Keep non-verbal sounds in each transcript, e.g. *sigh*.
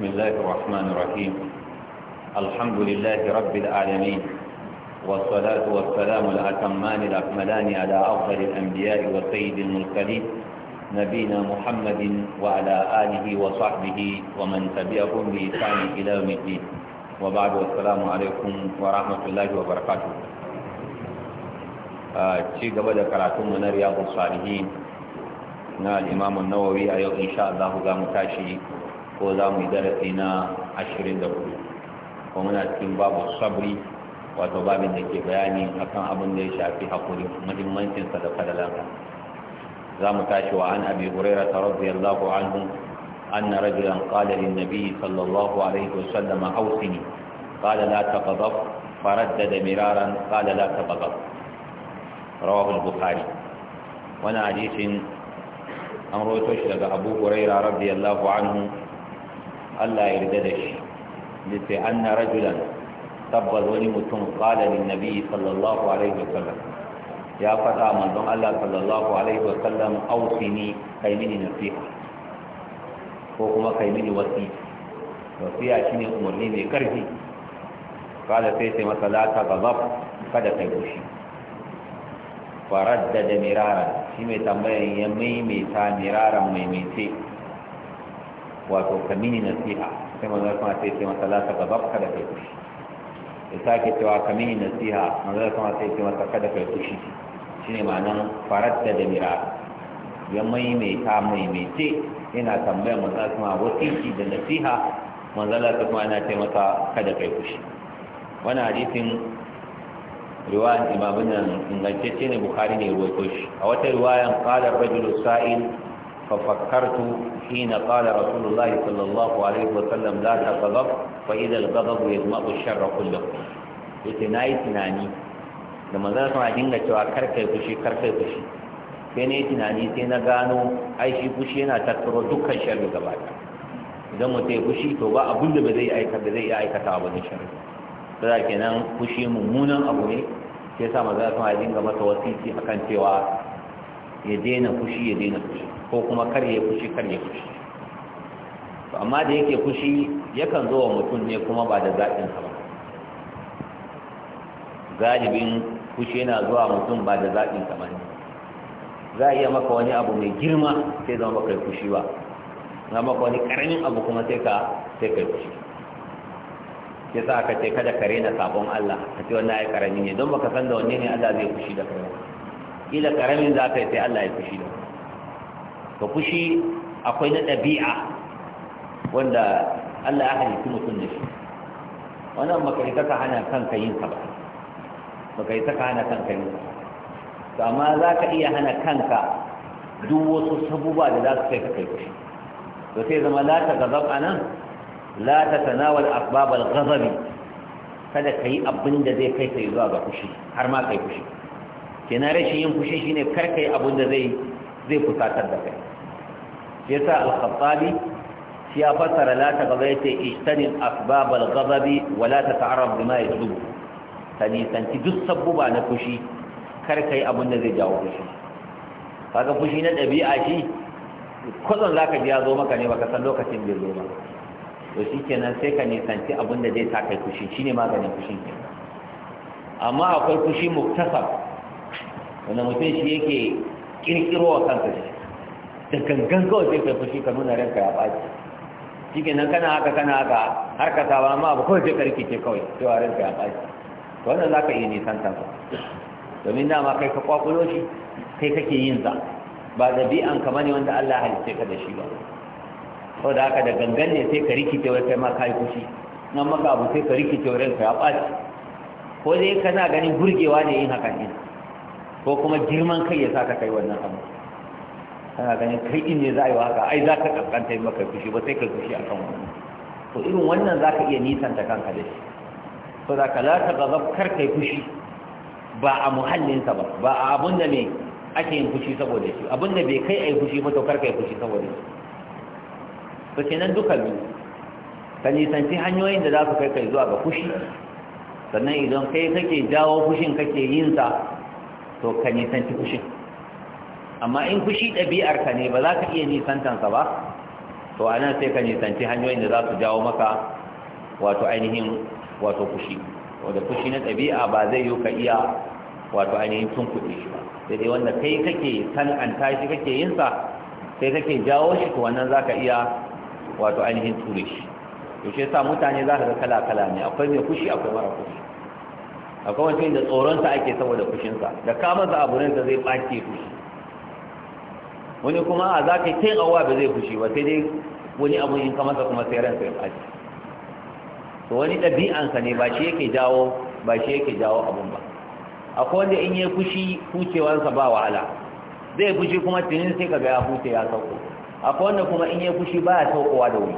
بسم الله الرحمن الرحيم الحمد لله رب العالمين والصلاة والسلام الأتمان الأكملان على أفضل الأنبياء وسيد المرسلين نبينا محمد وعلى آله وصحبه ومن تبعهم بإحسان إلى يوم الدين وبعد والسلام عليكم ورحمة الله وبركاته آه، شيء قبل كراتون من رياض الصالحين نال إمام النووي nawawi أيوة، إن شاء الله Allah za ko za mu yi darasi na ashirin da hudu kuma muna cikin babu sabri wato babin da ke bayani akan abin da ya shafi muhimmancin muhimmancinsa da fadalansa za mu tashi wa an abi hurairah radiyallahu anhu أن رجلا قال للنبي صلى الله عليه وسلم أوصني قال لا تغضب فردد مرارا قال لا تغضب Wani البخاري an حديث shi daga أبو هريرة rabbi الله عنه Allah ya yarda da shi yace anna rajulan tabbas wani mutum qala lin nabi sallallahu alaihi wa sallam. ya fada manzon Allah sallallahu alaihi wa wasallam ausini kai mini nasiha ko kuma kai mini wasi wasiya shine umarni mai ƙarfi. qala sai sai masa la ta gazab kada kai Faradda da miraran shi mai tambayan ya maimaita miraran maimaitai wato ka mini nasiha sai manzon kuma sai ce masa la ta gabab kada kai fushi ya sake cewa ka mini nasiha manzon kuma sai ce masa kada kai fushi shine ma'anar faratta da mira ya maimaita ce yana tambayar manzon kuma wasiki da nasiha manzon kuma yana ce masa kada kai fushi wannan hadisin riwayan imamu nan ingantacce ne bukhari ne ruwaito shi a wata riwayan qala rajulu sa'il ففكرت حين قال رسول الله صلى الله عليه وسلم لا تغضب فإذا الغضب يجمع الشر كله يتناي تناني لما ذا سمع dinga cewa kar karkai fushi kar kai fushi sai na yi tunani sai na gano ai shi fushi yana tattaro dukkan sharri gaba ɗaya idan mutum ya fushi to ba abin da ba zai aikata ba zai iya aikata ba ne sharri sai kenan fushi mummunan abu ne sai sa maza sun dinga masa wasiki akan cewa ya daina fushi ya daina fushi ko kuma kar ya fushi kar ya fushi to amma da yake fushi yakan zo wa mutum ne kuma ba da zaɓin sa ba galibin fushi yana zuwa mutum ba da zaɓin sa ba ne za a iya maka wani abu mai girma sai zama ba yi fushi ba na maka wani karamin abu kuma sai ka sai kai yi fushi ya sa aka ce kada kare na sabon Allah ka ce wannan ya karami ne don baka san da wanne ne Allah zai fushi da kai ila karamin za ka yi sai Allah ya fushi da kai to fushi akwai na ɗabi'a wanda Allah ya halitta mutum da shi wannan baka yi saka hana kanka yin sa ba baka yi saka hana kanka yin sa to amma za ka iya hana kanka duk wasu sabuba da za su kai ka kai fushi to sai zama la ta gazab anan la ta tanawal asbab al-ghazab kada kai abin da zai kai kai zuwa ga fushi har ma kai fushi kenan rashin yin fushi shine kar kai abin da zai zai fusatar da kai yasa al-khattabi shi ya fassara la ta gaba yace ijtanil asbab al-ghadab wa la tata'arrab bima yajlub tanisanci duk sabbuba na fushi kar kai abin da zai jawo fushi kaga fushi na dabi'a shi kullun zaka ji ya zo maka ne baka san lokacin da zo ba to shikenan sai ka nisanci abin da zai sa kai fushi shine maganin fushin kenan amma akwai fushi muktasab wanda mutum shi yake kirkiro wa kansa shi da gangan kawai sai ka fushi ka nuna ranka ya ɓaci shi kenan kana haka kana haka har ka saba ma abu kawai sai ka rikice kawai cewa ranka ya ɓaci wannan za ka iya nisan ta domin dama kai ka kwakulo shi kai kake yin za ba ɗabi'an ka bane wanda Allah ya halitta ka da shi ba sau da haka da gangan ne sai ka rikice wai kai ma ka yi fushi nan maka abu sai ka rikice wai ranka ya ɓaci ko dai kana ganin burgewa ne yin hakan ne ko kuma girman kai ya sa ka kai wannan abu kana ganin kai in ne za a yi haka ai za ka kankanta yi maka fushi ba sai ka fushi a kan wani to irin wannan za ka iya nisanta kanka da shi to da ka za gazab kar kai fushi ba a muhallinsa ba ba a abin da mai ake yin fushi saboda shi abin da bai kai a yi fushi ba to kar kai fushi saboda shi to kenan duka biyu ka nisanci hanyoyin da za su kai kai zuwa ga fushi sannan idan kai kake jawo fushin kake yin sa to ka nisanci fushin amma in ɗabi'ar ka ne ba za ka iya nisantansa ba to a nan sai ka nisanci hanyoyin da za su jawo maka wato ainihin wato kushi wanda kushi na ɗabi'a ba zai yi ka iya wato ainihin tun kuɗi shi ba sai dai wanda kai kake kan'anta shi kake yinsa sai kake jawo shi to wannan za ka iya wato ainihin ture shi yaushe sa mutane za ka ga kala-kala ne akwai mai kushi akwai mara kushi akwai wancan da tsoronsa ake saboda kushinsa da kamansa abu ne da zai ɓace kushi. wani kuma a za ka yi kai awa ba zai fushi ba sai dai wani abu in ka masa kuma sai ransa ya ɓaci to wani ɗabi'ansa ne ba shi yake jawo ba shi yake jawo abun ba akwai wanda in yi fushi hucewansa ba wahala zai fushi kuma tunin sai ka ga ya huce ya sauko akwai wanda kuma in yi fushi ba ya saukowa da wuri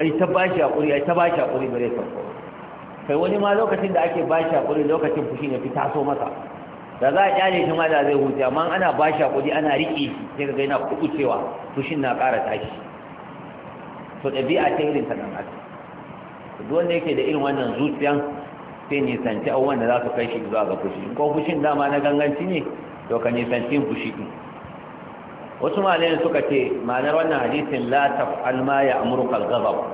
ai ta bashi hakuri ai ta bashi hakuri zai sauko kai wani ma lokacin da ake bashi hakuri lokacin fushi ne fi taso masa da za a kyale shi ma da zai huce amma ana ba shi hakuri ana riƙe shi, sai ka ga yana kuɓucewa fushin na ƙara tashi to ɗabi'a ta irin ta haka to duk wanda yake da irin wannan zuciyan sai nisanci abubuwan da za su kai shi zuwa ga fushi ko fushin dama na ganganci ne to ka nisanci fushi ɗin wasu malayan suka ce ma'anar wannan hadisin la taf'al ma ya'muruka al-ghadab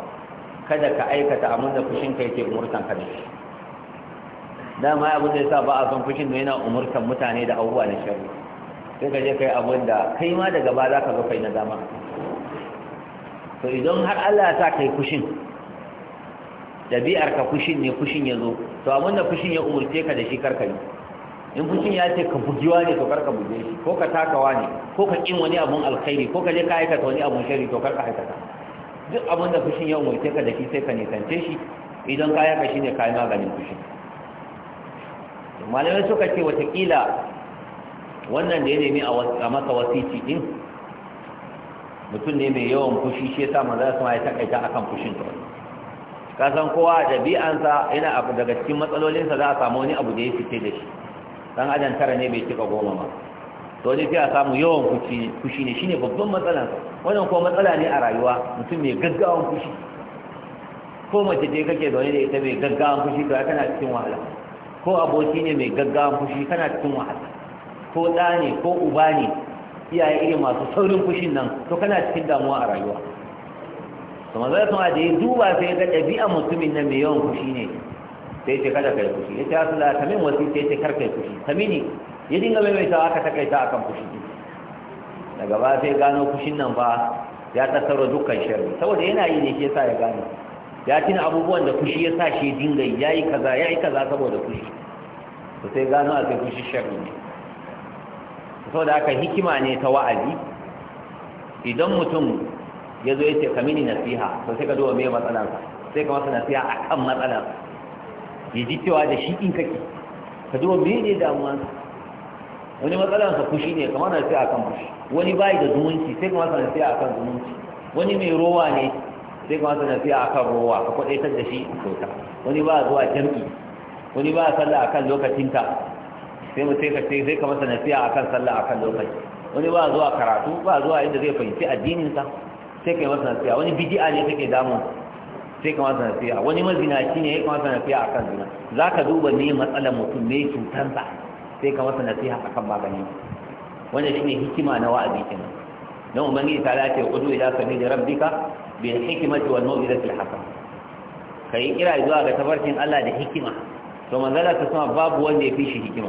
kada ka aikata abin da fushin ka yake umurtan ka da shi dama ya da ya sa ba a son fushin da yana umurtan mutane da abubuwa na shari sai ka je kai abin da kai ma daga ba za ka zo kai na dama to idan har Allah ya sa kai fushin dabi'ar ka fushin ne fushin ya zo to abin da fushin ya umurce ka da shi karka yi in fushin ya ce ka bugiwa ne to karka buge shi ko ka takawa ne ko ka kin wani abun alkhairi ko ka je ka aikata wani abun shari to karka aikata duk abin da fushin ya umurce ka da shi sai ka nisance shi idan ka yaka shi ne ka yi maganin fushin malamai suka ce watakila wannan da ya nemi a masa wasici din mutum ne mai yawan fushi shi yasa manzo sama ya takaita akan fushin ta ka san kowa da bi'ansa yana abu daga cikin matsalolinsa za a samu wani abu da ya fice da shi dan adam tara ne bai cika goma ba to ne sai a samu yawan fushi fushi ne shine babban matsalan wannan ko matsala ne a rayuwa mutum mai gaggawan fushi ko mace ce kake zaune da ita mai gaggawan fushi to kana cikin wahala ko aboki ne mai gaggawa fushi kana cikin wahala ko ɗa ne ko uba ne iyaye iri masu saurin fushin nan to kana cikin damuwa a rayuwa to manzo kuma da ya duba sai ga ɗabi'a mutumin nan mai yawan fushi ne sai ce kada kai fushi ya ce ya sula kamin wasu sai ce kar kai fushi ne, ya dinga maimaitawa aka takaita akan fushi daga ba sai gano fushin nan ba ya tattaro dukkan sharri saboda yana yi ne ke sa ya gane. ya tuna abubuwan da fushi ya sa shi dinga ya yi kaza ya yi kaza saboda fushi to sai gano a sai fushi shari'a ne da haka hikima ne ta wa'azi idan mutum ya zo ya ce ni nasiha to sai ka duba me matsalar sai ka masa nasiha kan matsalar ya ji cewa da shi in kake ka duba me ne damuwa wani matsalarsa fushi ne kamar nasiha akan fushi wani bayi da zumunci sai ka masa nasiha akan zumunci wani mai rowa ne sai kuma fiye a akan ruwa, ka kwadaitar da shi kyauta wani ba zuwa jam'i wani ba sallah akan lokacinta sai mu sai ka sai sai ka masa nasiha akan sallah akan lokaci wani ba zuwa karatu ba zuwa inda zai fahimci addininsa. sai kai masa nasiha wani bid'a ne take damu sai kama masa fiye wani mazinaci ne ya fiye a akan zina ka duba ne matsalar mutum ne cutar sa sai ka fiye a akan magani Wani shi ne hikima na wa'azi kenan don ubangiji ta lati udu ila sabili rabbika bil hikmati wal da al Ka yi kira zuwa ga tabarkin Allah da hikima to manzala ta sama babu wanda ya fi shi hikima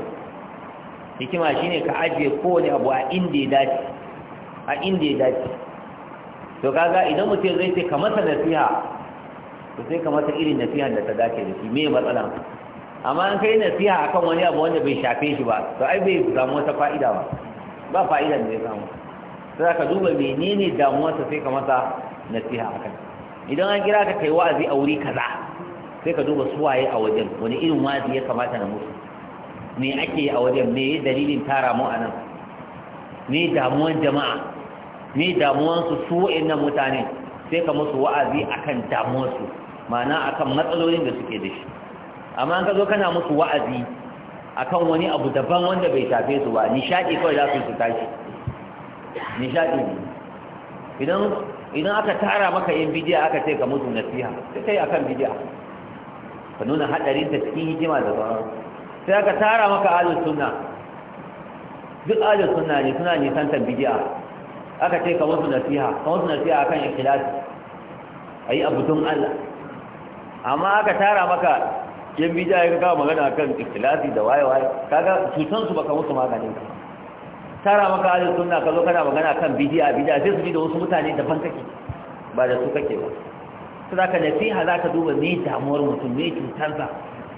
hikima shine ka ajiye kowane abu a inda ya dace a inda ya dace to kaga idan mutum zai ce ka masa nasiha to sai ka masa irin nasiha da ta dace da shi me matsala amma an kai nasiha akan wani abu wanda bai shafe shi ba to ai bai samu wata fa'ida ba ba fa'ida da ya samu sai ka duba menene damuwarsa sai ka masa nasiha akan idan an kira ka kai wa'azi a wuri kaza sai ka duba suwaye a wajen wani irin wa'azi ya kamata na musu me ake a wajen me dalilin tara mu a nan me damuwan jama'a me damuwansu su wa'annan mutane sai ka musu wa'azi akan damuwarsu ma'ana akan matsalolin da suke da shi amma ka zo kana musu wa'azi akan wani abu daban wanda bai tafe su ba nishaɗi kawai za su su tashi nishadi ne idan idan aka tara maka yin bidiya aka ce ka mutu nasiha sai kai akan bidiya ka nuna hadarin ta cikin hikima da sauran sai aka tara maka ahlus sunna duk ahlus sunna ne suna nisan ta bidiya aka ce ka mutu nasiha ka mutu nasiha akan ikhlasi ayi abu don Allah amma aka tara maka yin bidiya ya ga magana akan ikhlasi da waye waye kaga cutan su baka mutu maganin ka tara maka ahlus sunna ka zo kana magana kan bid'a bid'a sai su ji da wasu mutane da daban kake ba da su kake ba sai zaka nasiha zaka duba me damuwar mutum me cutarsa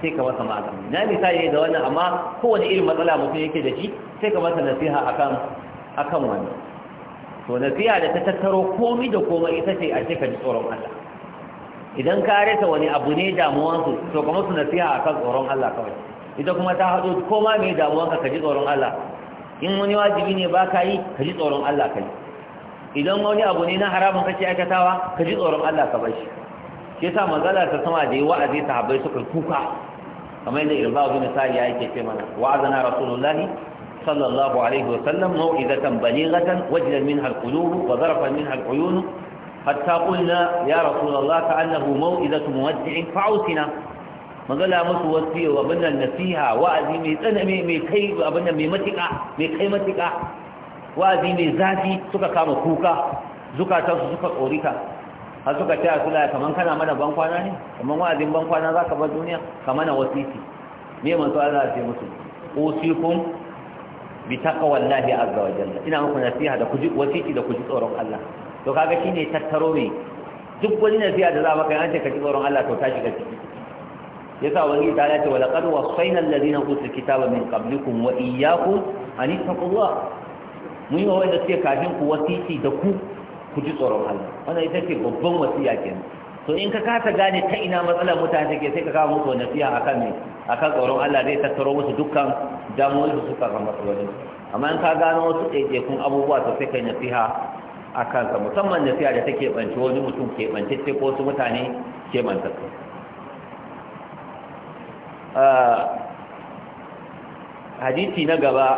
sai ka masa magani na misali ne da wannan amma kowane irin matsala mutum yake da shi sai ka masa nasiha akan akan wannan to nasiha da ta tattaro komai da komai ita ce a ce ka ji tsoron Allah idan ka rasa wani abu ne damuwansu to ka masa nasiha akan tsoron Allah kawai ita kuma ta haɗo koma mai damuwanka ka ji tsoron Allah in wani wajibi ne ba ka yi ka ji tsoron Allah ka yi idan wani abu ne na haramun kake aikatawa ka ji tsoron Allah ka bar shi shi yasa manzala ta sama da yi wa'azi habai suka kuka kamar yadda irba bin ya yake ce mana wa'azana rasulullahi sallallahu alaihi wa sallam mau'izatan balighatan wajdan minha alqulub wa zarafan minha aluyun hatta qulna ya rasulullah ka'annahu mau'izatu muwaddi'in fa'usina magana musu wasu wasiya wa bannan nasiha wa'azi mai tsanani mai kai abin mai matika mai kai matika wa'azi mai zafi suka kama kuka zukatansu suka tsorita har suka taya sula kamar kana mana ban kwana ne Kamar wa'azin ban kwana ka bar duniya kamana wasiti me manzo Allah ya ce musu usikum bi taqwallahi azza wa jalla ina muku nasiha da kuji wasiti da kuji tsoron Allah to kaga shine tattaro me duk wani nasiha da za maka yana ce ka ji tsoron Allah to ta shiga ciki yasa wani ta ya ce wa laqad wasayna alladhina utul kitaba min qablikum wa iyyakum an ittaqullah mun yi wa wanda suke kafin ku wasiti da ku ku ji tsoron Allah wannan ita ce babban wasiya kenan to in ka kasa gane ta ina matsalar mutane take sai ka kawo musu nasiha akan me akan tsoron Allah zai tattaro musu dukkan damuwar su suka ga matsalolin amma in ka gano wasu ɗaiɗaikun abubuwa to sai kai nasiha akan ka musamman nasiha da take bance wani mutum ke bance ko wasu mutane ke bantattu hadisi na gaba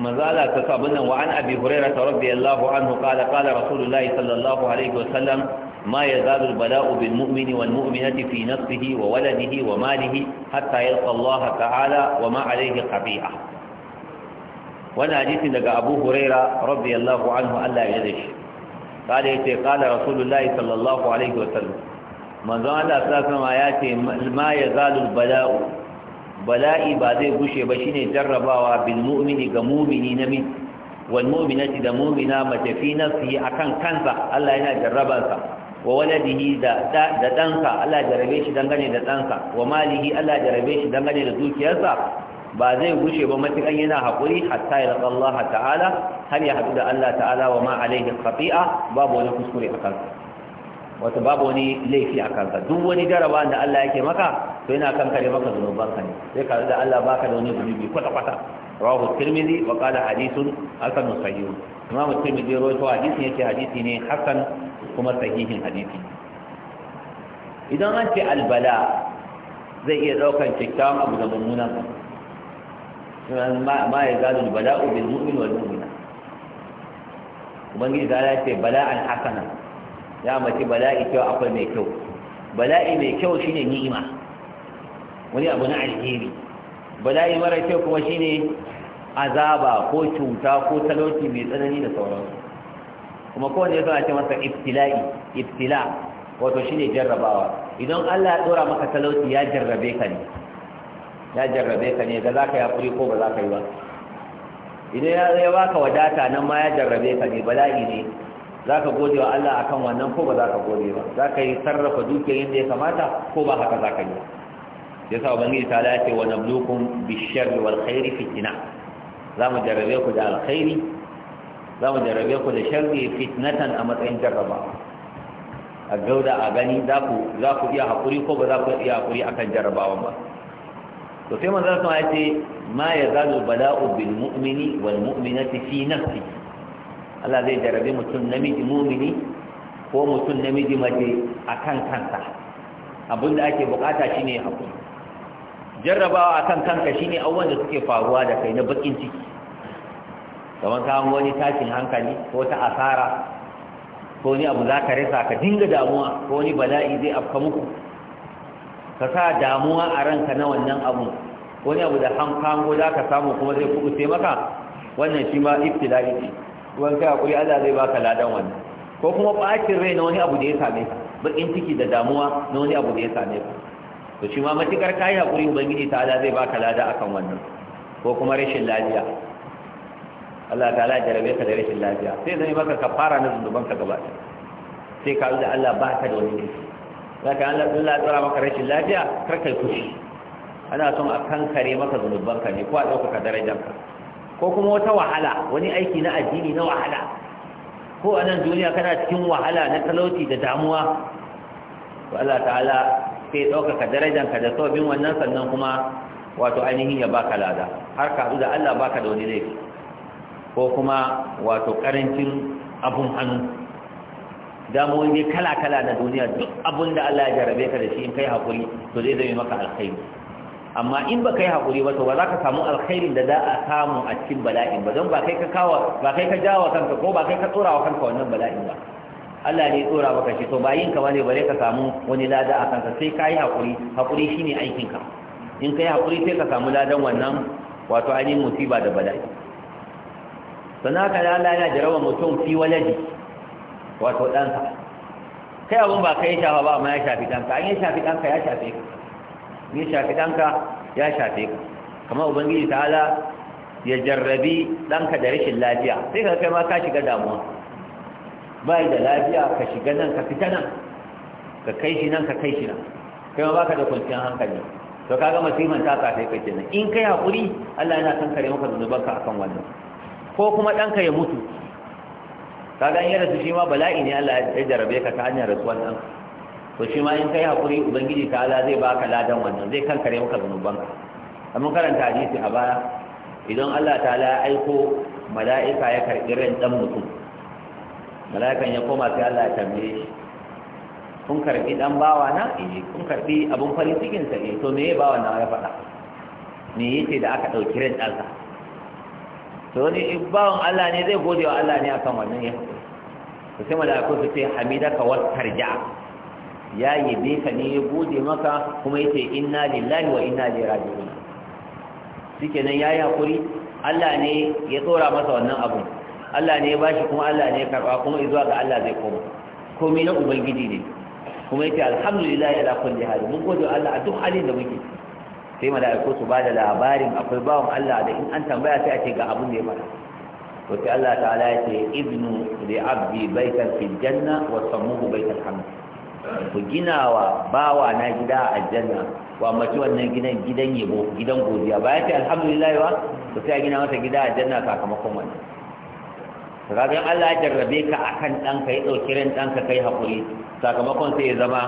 maza ta sa bannan wa an abi hurairah radiyallahu anhu qala qala rasulullah sallallahu alaihi wasallam ma yazalu albala'u bil mu'mini wal mu'minati fi nafsihi wa waladihi wa malihi wa ma alayhi wani hadisi daga abu huraira radiyallahu anhu Allah ya yadda shi qala yace qala rasulullah sallallahu alaihi wasallam manzon Allah sallallahu ya ce ma yazalul bala'u bala'i ba zai gushe ba shine jarrabawa bil mu'mini ga mu'mini namiji wal mu'minati da mu'mina mace fi nafsi akan kansa Allah yana jarrabansa wa waladihi da da danka Allah jarrabe shi dangane da danka wa malihi Allah jarrabe shi dangane da dukiyarsa ba zai gushe ba matukan yana hakuri hatta ya Allah ta'ala har ya haɗu da Allah ta'ala wa ma alaihi khati'a babu wani kuskure a kansa wato babu wani laifi a kanka duk wani jaraba da Allah yake maka to yana kankare maka zunubanka ne sai ka da Allah baka da wani zunubi kwata kwata rawahu tirmidhi wa qala hadithun hasan sahih imam tirmidhi rawaito hadisi yake hadisi ne hasan kuma sahihin hadisi idan an ce albala zai iya daukan kyakkyawan abu da mummunan ma ya zalu bala'u bil mu'min wal mu'mina ubangiji ta ce bala'an hasana ya mace bala'i kyau akwai mai kyau bala'i mai kyau shine ni'ima wani abu na alheri bala'i mara kyau kuma shine azaba ko cuta ko talauci mai tsanani da sauransu kuma kowane ya zana ce masa ibtila'i ibtila wato shine jarrabawa idan Allah ya dora maka talauci ya jarrabe ka ne ya jarrabe ka ne ga za ka yi ko ba za ka yi ba idan ya baka wadata nan ma ya jarrabe ka ne bala'i ne za ka gode wa Allah a kan wannan ko ba za ka gode ba za ka yi sarrafa dukiyar yadda ya kamata ko ba haka za ka yi ya sa ubangiji ta lafi wa nablukum bishiyar wal khairi fitina za mu jarrabe ku da alkhairi za mu jarrabe ku da sharri fitnatan a matsayin jarraba a gauda a gani za ku za ku iya hakuri ko ba za ku iya hakuri akan jarrabawan ba to sai manzon sa ya ce ma ya yazalu bala'u bil mu'mini wal mu'minati fi nafsihi Allah zai jarabe mutum namiji mumini ko mutum namiji mace akan kansa abinda ake bukata shine hakuri jarrabawa akan kanka shine abubuwan da suke faruwa da kai na bakin ciki kamar ka wani tashin hankali ko ta asara ko ni abu za ka rasa ka dinga damuwa ko ni bala'i zai afka muku ka sa damuwa a ranka na wannan abu Ko ni abu da hankango za ka samu kuma zai kubuce maka wannan shi ma iftila'i ce wani kai hakuri Allah zai baka ladan wannan ko kuma bacin rai na wani abu da ya same ka bakin ciki da damuwa na wani abu da ya same ka to shi ma matukar kai hakuri ubangiji ta Allah zai baka lada akan wannan ko kuma rashin lafiya Allah ta ya jarabe ka da rashin lafiya sai zai maka kafara na zunuban ka gaba sai ka da Allah ba ka da wani laifi za ka Allah sun tsara maka rashin lafiya kar kai kushi ana son a kankare maka zunuban ka ne ko a ɗaukaka darajar ka ko kuma wata wahala wani aiki na addini na wahala ko a nan duniya kana cikin wahala na talauci da damuwa to Allah ta'ala sai ɗaukaka darajanka da sabbin wannan sannan kuma wato ainihin ya baka lada har ka da Allah baka da wani laifi ko kuma wato ƙarancin abun hannu damuwan dai kala-kala na duniya duk abun da Allah ya jarabe ka da shi in kai haƙuri to zai zai maka alkhairi amma in baka yi haƙuri ba to ba za ka samu alkhairin da za a samu a cikin bala'in ba don ba kai ka kawo ba kai ka jawo kanka ko ba kai ka tsora wa kanka wannan bala'in ba Allah ne tsora maka shi to ba yin ka bane bare ka samu wani lada a kanka sai ka yi haƙuri haƙuri shine aikin ka in ka yi haƙuri sai ka samu ladan wannan wato ainihin musiba da bala'i sannan haka da Allah ya jarawa mutum fi waladi wato ɗansa kai abun ba kai shafa ba amma ya shafi ɗanka an yi shafi ɗanka ya shafe ka ni shafi ɗanka ya shafe ka kamar ubangiji ta'ala ya jarrabi ɗanka da rashin lafiya sai ka kai ma ka shiga damuwa bai da lafiya ka shiga nan ka fita nan ka kai shi nan ka kai shi nan kai ma baka da kwanciyar hankali to kaga masiman ta sa kai kenan in kai hakuri Allah yana san kare maka zunubanka akan wannan ko kuma ɗanka ya mutu kaga in ya rasu shi ma bala'i ne Allah ya jarrabe ka ta hanyar rasuwar ɗanka to shi ma in kai hakuri ubangiji ta ala zai baka ladan wannan zai kankare maka zunubanka amma karanta hadisi a baya idan Allah ta ala aiko mala'ika ya karɓi ran dan mutum mala'ikan ya koma sai Allah ya tambaye shi kun karɓi dan bawa na eh kun karɓi abun farin cikin sa eh to me ya bawa na ya faɗa me yace da aka ɗauki ran sa to ne bawan Allah ne zai gode wa Allah ne akan wannan ya to sai mala'iku su ce hamidaka wastarja ya yabe ka ne ya gode maka kuma yace inna lillahi wa inna ilaihi raji'un shikenan yayi hakuri Allah ne ya tsora masa wannan abu Allah ne ya bashi kuma Allah ne ya karba kuma zuwa ga Allah zai koma komai na ubangiji ne kuma yace alhamdulillah ala kulli hal mun gode Allah a duk halin da muke sai mala'iku su bada labarin akwai bawon Allah da in an tambaya sai a ce ga abin da ya faɗa to sai Allah ta'ala ya ce ibnu li abdi baitan fil janna wa sammuhu baital hamd ku gina wa bawa na gida a aljanna wa mace wannan gidan gidan yabo gidan godiya ba ya ce alhamdulillah wa to sai gina mata gida a aljanna sakamakon wannan kaga Allah ya jarrabe ka akan danka ya dauki ran danka kai hakuri sakamakon sai ya zama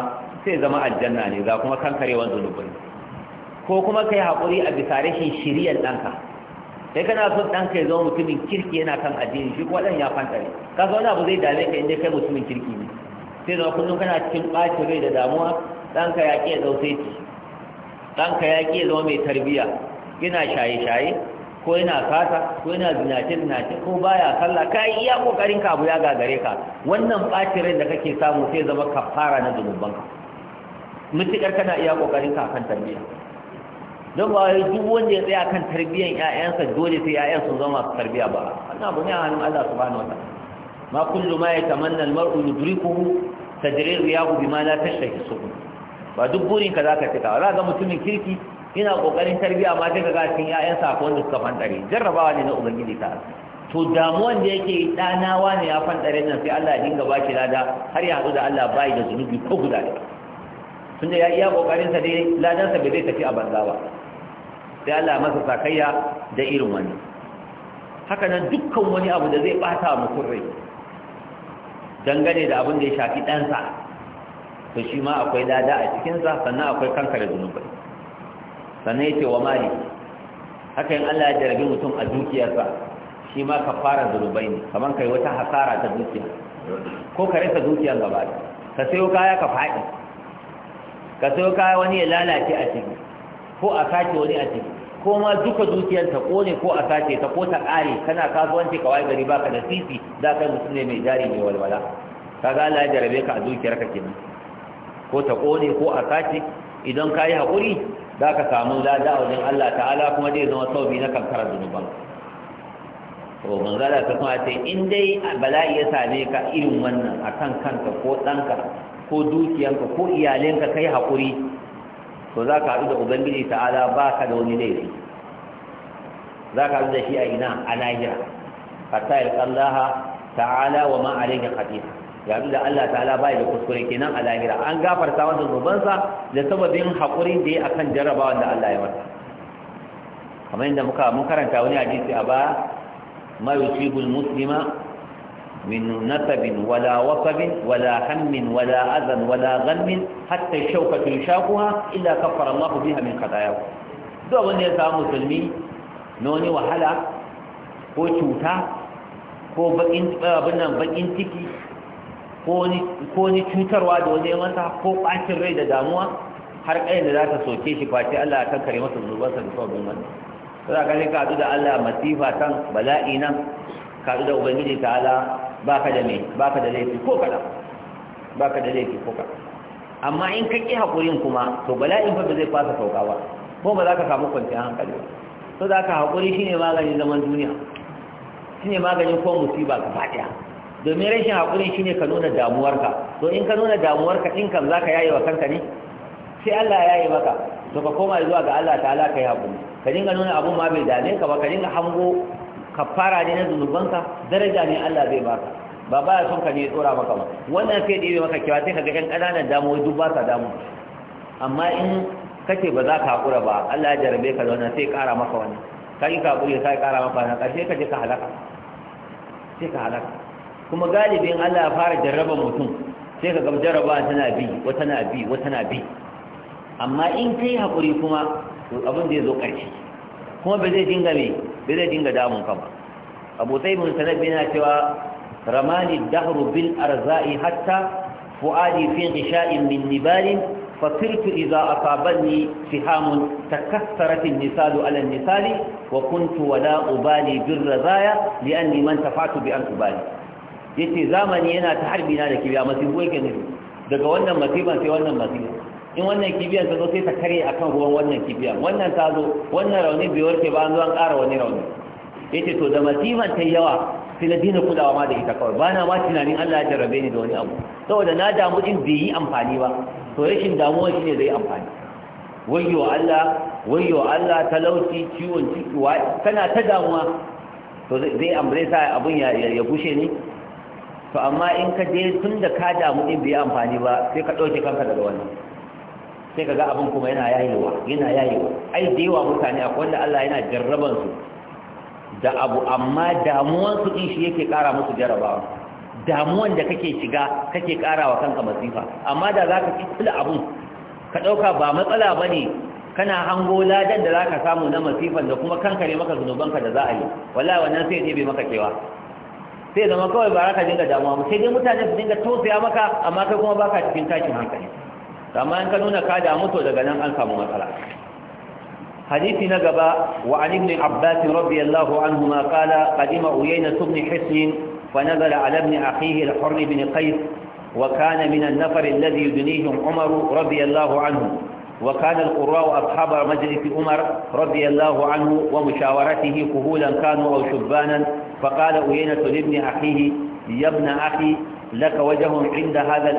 sai zama aljanna ne za kuma karewan zunubi ko kuma kai hakuri a bisa rashin shiriyar danka sai kana son danka ya zama mutumin kirki yana kan addini shi ko dan ya fantare kaga wani abu zai dame ka inda kai mutumin kirki ne sai zama kullum kana cikin ɓacin rai da damuwa ɗanka ya ƙi ya zausai ci ɗanka ya ƙi ya zama mai tarbiyya yana shaye-shaye ko yana fata ko yana zinace-zinace ko baya sallah ka yi iya ƙoƙarin ka abu ya gagare ka wannan ɓacin rai da kake samu sai zama kafara na ka mutuƙar kana iya ƙoƙarin ka kan tarbiyya don ba wai duk wanda ya tsaya kan tarbiyyar 'ya'yansa dole sai 'ya'yan sun zama su tarbiyya ba wannan abu ne a hannun Allah subhanahu wa ta'ala ma kullu ma yatamanna almar'u yudrikuhu tajri riyahu bima la tashtahi subun ba duk burin ka zaka cika za ga mutumin kirki ina kokarin tarbiya ma sai ga cin ƴaƴan sa da suka fantare jarrabawa ne na ubangiji ta to damuwan da yake danawa ne ya fantare nan sai Allah ya dinga baki lada har ya hadu da Allah bai da zunubi ko guda da. tunda ya iya kokarin sa dai ladan sa bai zai tafi a banza ba sai Allah masa sakayya da irin wani haka nan dukkan wani abu da zai bata mu kurai dangane da abin da ya shafi ɗansa to shi ma akwai lada a cikinsa sannan akwai kanka da zunubai sannan ya ce wa mali haka yin allah ya jarabi mutum a dukiyarsa shi ma ka fara zunubai ne kamar kai wata hasara ta dukiya ko ka rasa dukiyar gaba ka sayo kaya ka faɗi ka sayo kaya wani ya lalace a ciki ko a sake wani a ciki ko ma duka dukiyar ta kone ko a sace ta ko ta kare kana kasuwanci ka waye gari baka da sisi za ka mutum ne mai jari mai walwala kaga Allah ya jarabe ka a dukiyar ka kenan ko ta kone ko a sace idan ka yi haƙuri za ka samu lada a wajen Allah ta'ala kuma zai zama saubi na kankara zunuban to manzala ta kuma ce in dai bala'i ya same ka irin wannan akan kanka ko ɗanka ko dukiyanka ko iyalinka kai haƙuri to za ka haɗu da ubangiji ta'ala ba ka da wani laifi za ka haɗu da shi a ina a lahira hatta ya tsallaha ta'ala wa ma alaihi khatira ya haɗu da Allah ta'ala bai da kuskure kenan a lahira an gafarta masa zubansa da sababin haƙuri da ya akan jarrabawa da Allah ya masa kamar yadda muka mun karanta wani hadisi a baya ma yusibul muslima من نسب ولا وصب ولا هم ولا أذى ولا غم حتى الشوكة يشاقها إلا كفر الله بها من خطاياه duk wanda ya samu musulmi na wani wahala ko cuta ko bakin ciki ko ni cutarwa da wani masa ko ɓacin rai da damuwa har ƙayin da za ta soke shi kwace Allah kan kare masa zunubarsa da sauran wannan ko za ka ka da Allah masifa bala'i nan ka ubangiji ta'ala baka da me baka da laifi ko kada baka da laifi ko kada amma in ka ki hakurin kuma to bala'in fa ba zai fasa sauka ba ko ba za ka samu kwanciyar hankali ba to za ka hakuri shine maganin zaman duniya shine maganin ko musiba ka fadiya domin rashin hakuri shine ka nuna damuwarka to in ka nuna damuwarka din kan za ka yaye wa kanka ne sai Allah ya yi maka to ka koma zuwa ga Allah ta'ala ka yi hakuri ka dinga nuna abun ma bai dame ka ba ka dinga hango kafara ne na zunubanka daraja ne Allah zai baka ba ba ya son ka ne tsora maka ba wannan sai da yi maka kewa sai ka ga ƴan ƙananan damuwa duk ba sa damu amma in kace ba za ka haƙura ba Allah ya jarabe ka da wannan sai ƙara maka wani ka yi ka haƙuri sai ƙara maka wani, ƙarshe ka je ka halaka sai ka halaka kuma galibin Allah ya fara jarraba mutum sai ka gab jaraba tana bi wata na bi wata na bi amma in kai haƙuri kuma abin da ya zo ƙarshe kuma ba zai dinga mai bai zai dinga damun kama ba abu sai mun sanar yana cewa ramani dahru bil arza'i hatta fuadi fi ghisha'in min nibalin فصرت إذا أصابني سهام تكثرت النسال على النسال وكنت ولا أبالي بالرزايا لأني من bi an أبالي yace zamani yana ta harbi na da kibiya masifai ke daga wannan masifan sai wannan masifan in wannan kibiyar ta zo sai ta kare kan ruwan wannan kibiyar wannan ta zo wannan rauni bai warke ba an zo an ƙara wani rauni yace to da masifan ta yawa sai na dina kulawa ma da ita kawai ba na ma tunanin Allah ya jarrabe ni da wani abu saboda na damu din bai yi amfani ba to rashin damuwa ne zai amfani wayyo Allah wayyo Allah talauci ciwon ciki wa kana ta damuwa to zai amre sa abun ya ya bushe ni? to amma in ka je tun da ka damu din bai amfani ba sai ka ɗauke kanka daga wannan sai kaga abin kuma yana yayewa yana yayewa ai da yawa mutane akwai wanda Allah yana jarraban su da abu amma damuwan su din shi yake kara musu jarrabawa damuwan da kake shiga kake karawa kanka masifa amma da zaka kula abun ka dauka ba matsala bane kana hango ladan da zaka samu na masifan da kuma kanka ne maka zunubanka da za a yi wallahi wannan sai ya bai maka kewa sai zama kawai baraka ka dinga damuwa mu, sai dai mutane su dinga tausaya maka amma kai kuma baka cikin tashin hankali amma in ka nuna ka damu daga nan an samu matsala hadisi na gaba wa an ibn abbas radiyallahu anhu makala kadima qadima uyayna ibn hisin fa nazala ala ibn akhihi al-hurr ibn qais wa kana min an-nafar anhu wa kana al majlis umar radiyallahu anhu wa mushawaratihi kuhulan kanu aw shubbanan fa qala uyayna ibn akhihi ya ibn akhi لك وجه عند هذا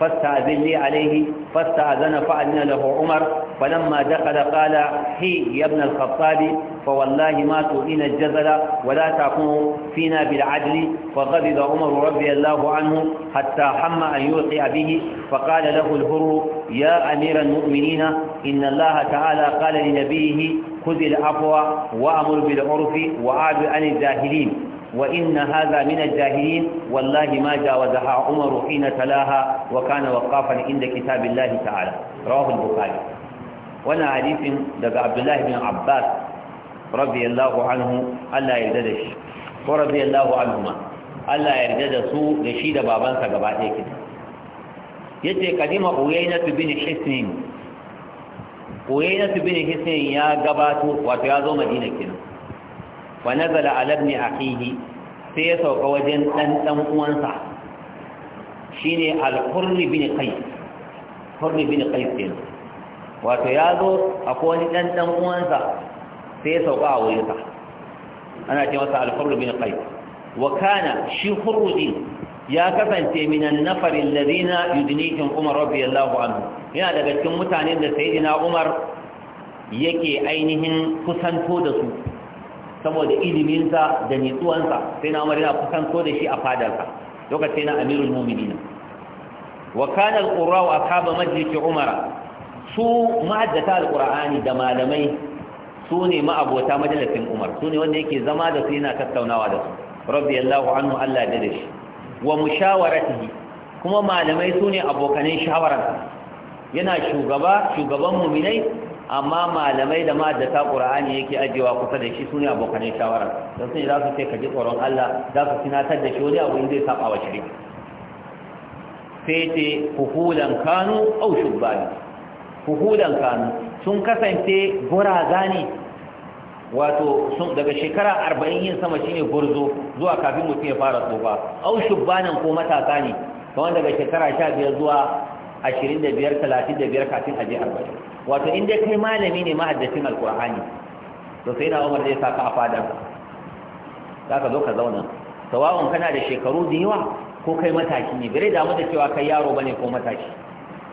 فاستأذن لي عليه فاستأذن فأذن له عمر فلما دخل قال هي يا ابن الخطاب فوالله ما تؤذين الجزل ولا تكون فينا بالعدل فغضب عمر رضي الله عنه حتى حم أن يوقع به فقال له الهر يا أمير المؤمنين إن الله تعالى قال لنبيه خذ العفو وأمر بالعرف وعاد عن الجاهلين وإن هذا من الجاهلين والله ما جاوزها عمر حين تلاها وكان وقافا عند كتاب الله تعالى رواه البخاري وانا حديث دقى عبد الله بن عباس رضي الله عنه ألا يرددش ورضي الله عنهما ألا يردد سوء لشيد بابان سقباته كده يتي قديم أوينة بن حسن أوينة بن حسن يا قباته وتيازو مدينة كده wa nazala ala ibn akhihi sai ya sauka wajen dan dan uwansa shine al-hurri bin qais hurri bin qais din wato ya zo akwai wani dan dan uwansa sai ya sauka a wurinsa ana ce masa al-hurri bin qais wa kana shi hurru ya kasance minan nafarin ladina yudnikin umar radiyallahu anhu yana daga cikin mutanen da sayyidina umar yake ainihin kusanto da su saboda iliminsa da nitsuwansa sai na umar yana kusanto da shi a fadarsa lokaci na amirul mu'minin wa kana al-qurra'u akaba majlisi umara su al da malamai su ne ma'abota majalisin umar su ne wanda yake zama da su yana tattaunawa da su radiyallahu anhu Allah da shi wa mushawaratihi kuma malamai su ne abokanin yana shugaba shugaban muminai amma malamai da ta qur'ani yake ajewa kusa da shi sune abokan shawara don sun za su ce ka ji tsoron Allah za su tunatar da shi wani abu inda ya saba wa shiri sai ce kuhulan kanu au shubbani kuhulan kanu sun kasance guraza ne wato sun daga shekara arba'in yin sama shine gurzo zuwa kafin mutum ya fara tsofa au shubbanan ko matasa ne kawai daga shekara sha biyar zuwa ashirin da biyar talatin da biyar kafin a je arba'in wato in dai kai malami ne ma'addacin alkur'ani to sai na umar zai saka a fadar za ka zo ka zauna sawa'un kana da shekaru da yawa ko kai mataki ne bai damu da cewa kai yaro bane ko mataki.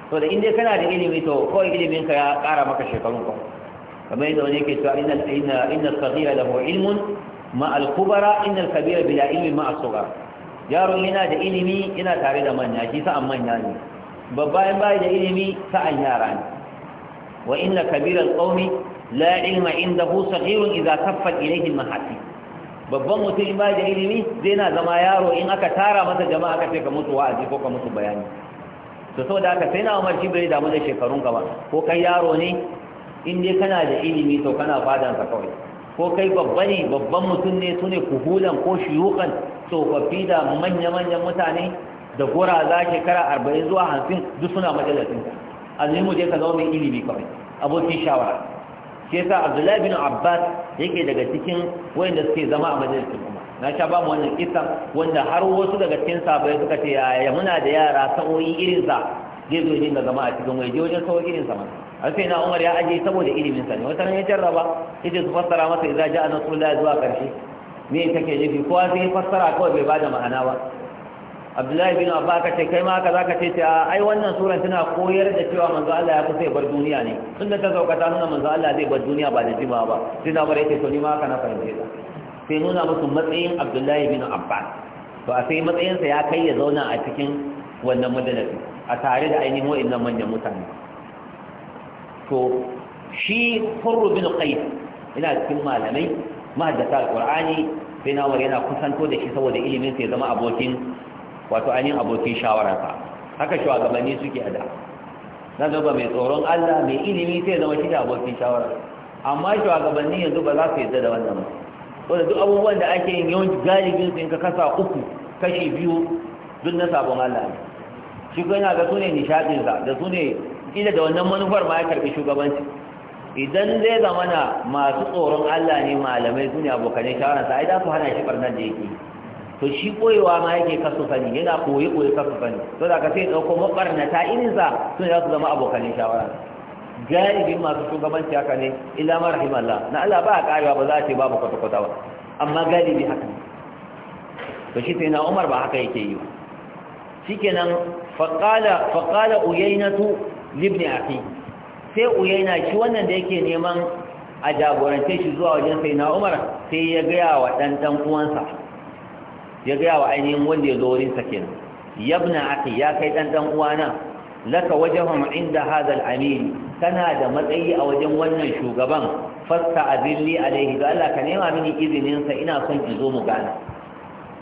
to da in dai kana da ilimi to kawai ilimin ka ya kara maka shekarun ka kamar yadda wani yake cewa inna inna inna as-saghira lahu ilmun ma al-kubara inna al-kabira bila ilmi ma as-sughara yaro yana da ilimi yana tare da manya shi sa'an manya ne babban bai da ilimi sa'an yara ne wa inna kabiral qaumi la ilma indahu saghirun idza kaffat ilayhi al babban mutum bai da ilimi zai na zama yaro in aka tara masa jama'a aka ce ka mutu wa'azi ko ka mutu bayani to saboda haka sai na Umar shi bai damu da shekarun ka ba ko kai yaro ne in dai kana da ilimi to kana fadan sa kawai ko kai babba ne babban mutum ne sune kuhulan ko shiyukan tsofaffi da manya-manyan mutane da gora za kara arba'in zuwa hamsin duk suna majalisin azumi mu je ka zama mai ilimi kawai abokin shawara ke sa abdullahi bin abbas yake daga cikin wayanda suke zama a majalisin kuma na sha ba mu wannan kisa wanda har wasu daga cikin sabai suka ce yaya muna da yara sa'o'i sa zai zo dinga zama a cikin waje wajen sa'o'i sa mana har sai na umar ya aje saboda ilimin sa ne wata ran ya jarraba yace su fassara masa idan ja'a nasrullahi zuwa karshe me take nufi kowa sai fassara kawai bai bada ma'ana ba abdullahi bin abba ka ce kai ma haka zaka ce ta ai wannan suran tana koyar da cewa manzo Allah ya kusa ya bar duniya ne tun da ta zauka ta nuna manzo Allah zai bar duniya ba da jima ba sai na bar yake to ni ma haka na fahimce ta sai nuna musu matsayin abdullahi bin abba to a sai matsayinsa ya kai ya zauna a cikin wannan majalisi a tare da ainihin wa'annan manyan mutane to shi furru bin qais ina cikin malamai mahaddata alqur'ani sai na yana kusanto da shi saboda ilimin sai zama abokin wato ainihin abokin shawara ta haka shugabanni suke a da na zaba mai tsoron Allah mai ilimi sai zama shi da abokin shawara amma shugabanni yanzu ba za su yadda da wannan ba wanda duk abubuwan da ake yin yawan galibin su in ka kasa uku kashi biyu duk na sabon Allah ne shi ko yana ga su ne nishaɗinsa da su ne kila da wannan manufar ma ya karbi shugabanci idan zai zamana masu tsoron Allah ne malamai su ne abokanai shawararsa ai za su hana shi ɓarnar da yake yi to shi koyewa ma yake kasu sani yana koyi koyi kasu sani to da ka sai dauko mabarnata irin sa sun za su zama abokan shawara galibin masu shugabanci haka ne illa ma rahimallah na Allah ba a karewa ba za a ce babu kwata kwata ba amma galibi haka ne to shi sai na Umar ba haka yake yi shikenan faqala faqala uyaynatu libni akhi sai uyaina shi wannan da yake neman a jagorance shi zuwa wajen sai na Umar sai ya ga wa dan dan uwansa ya gaya wa ainihin wanda ya zo wurin sa kenan yabna aki ya kai dan dan uwana laka wajhum inda hadha al amin kana da matsayi a wajen wannan shugaban fasta azilli alaihi ga Allah ka nema mini izinin sa ina son ki zo mu gana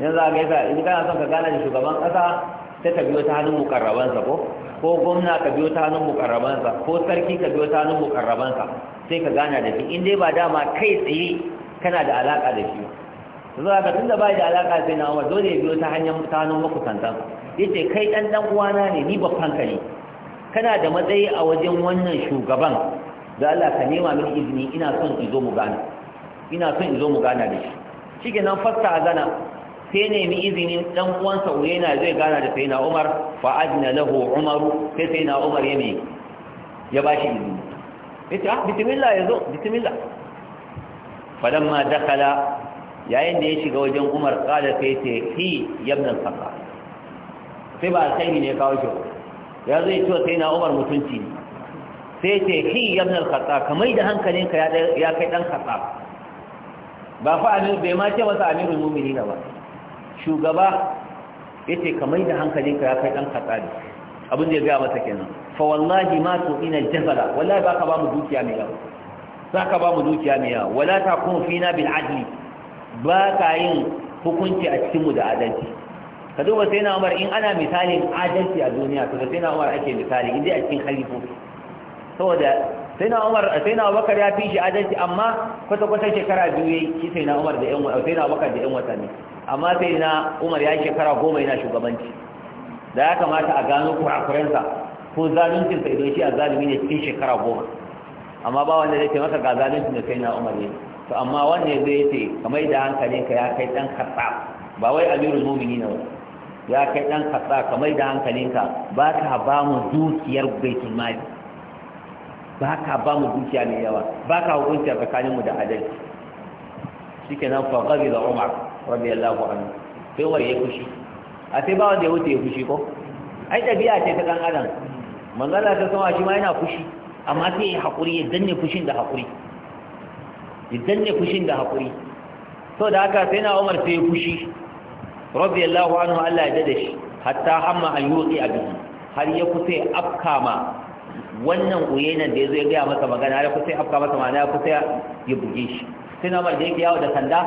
yanzu ga yasa in kana son ka gana da shugaban kasa ta ka biyo ta hannun mukarraban sa ko ko gwamna ka biyo ta hannun mukarraban sa ko sarki ka biyo ta hannun mukarraban sa sai ka gana da shi in dai ba dama kai tsaye kana da alaka da shi zuwa ga tunda bai da alaka sai na Umar dole ya biyo ta hanyar mutanen makusanta yace kai dan dan uwana ne ni babban ka ne kana da matsayi a wajen wannan shugaban da Allah ka nema min izini ina son in zo mu gana ina son in zo mu gana da shi shige nan fasta a gana sai nemi izinin dan uwansa Uyayna zai gana da sai na Umar fa adna lahu Umar sai sai na Umar ya ne ya bashi izini yace ah bismillah yazo bismillah falamma dakala yayin da ya shiga wajen umar kada sai ce hi yabnan saka sai ba sai ne kawo shi ya zai ce sai na umar mutunci sai ce hi yabnan saka kamai da hankalinka ya kai dan saka ba fa amir bai ma ce masa amirul mu'minina ba shugaba yace kamai da hankalinka ya kai dan saka ne abin da ya gaya masa kenan fa wallahi ma tu ina jazala wallahi ka ba mu dukiya mai yawa ka ba mu dukiya ne yawa wala ta kun fina bil adli ba ka yin hukunci a cikinmu da adalci ka duba sai na umar in ana misalin adalci a duniya to da sai na umar ake misali inda a cikin halifofi saboda sai na umar sai na bakar ya fi shi adalci amma kwata-kwata shekara biyu ya yi sai na umar da yan wata sai na bakar da yan wata ne amma sai na umar ya yi shekara goma yana shugabanci da ya kamata a gano kurakurensa ko zaluncinsa idan shi a zalumi ne cikin shekara goma amma ba wanda zai ce maka ga zalunci da kai na umar ne to amma wanda zai ce kamar da ka ya kai dan katsa ba wai amirul mu'minin ne ya kai dan katsa kamar da ka ba ka ba mu dukiyar baitul mali ba ka ba mu dukiya mai yawa ba ka hukunci a tsakaninmu da adalci shikenan fa ghadiba umar radiyallahu anhu sai wai ya kushi a sai ba wanda ya wuce ya fushi ko ai ɗabi'a ce ta ɗan adam manzala ta sama shi ma yana fushi amma sai ya haƙuri ya danne fushin da haƙuri ya danne fushin da haƙuri sau da haka sai na umar sai ya fushi rabbi allahu anhu allah ya dada shi hatta hamma an yotsi a biyu har ya kusa ya afka ma wannan uyenan da ya zo ya gaya masa magana ya kusa ya afka masa ma'ana ya kusa ya buge shi sai na umar da yake yawo da sanda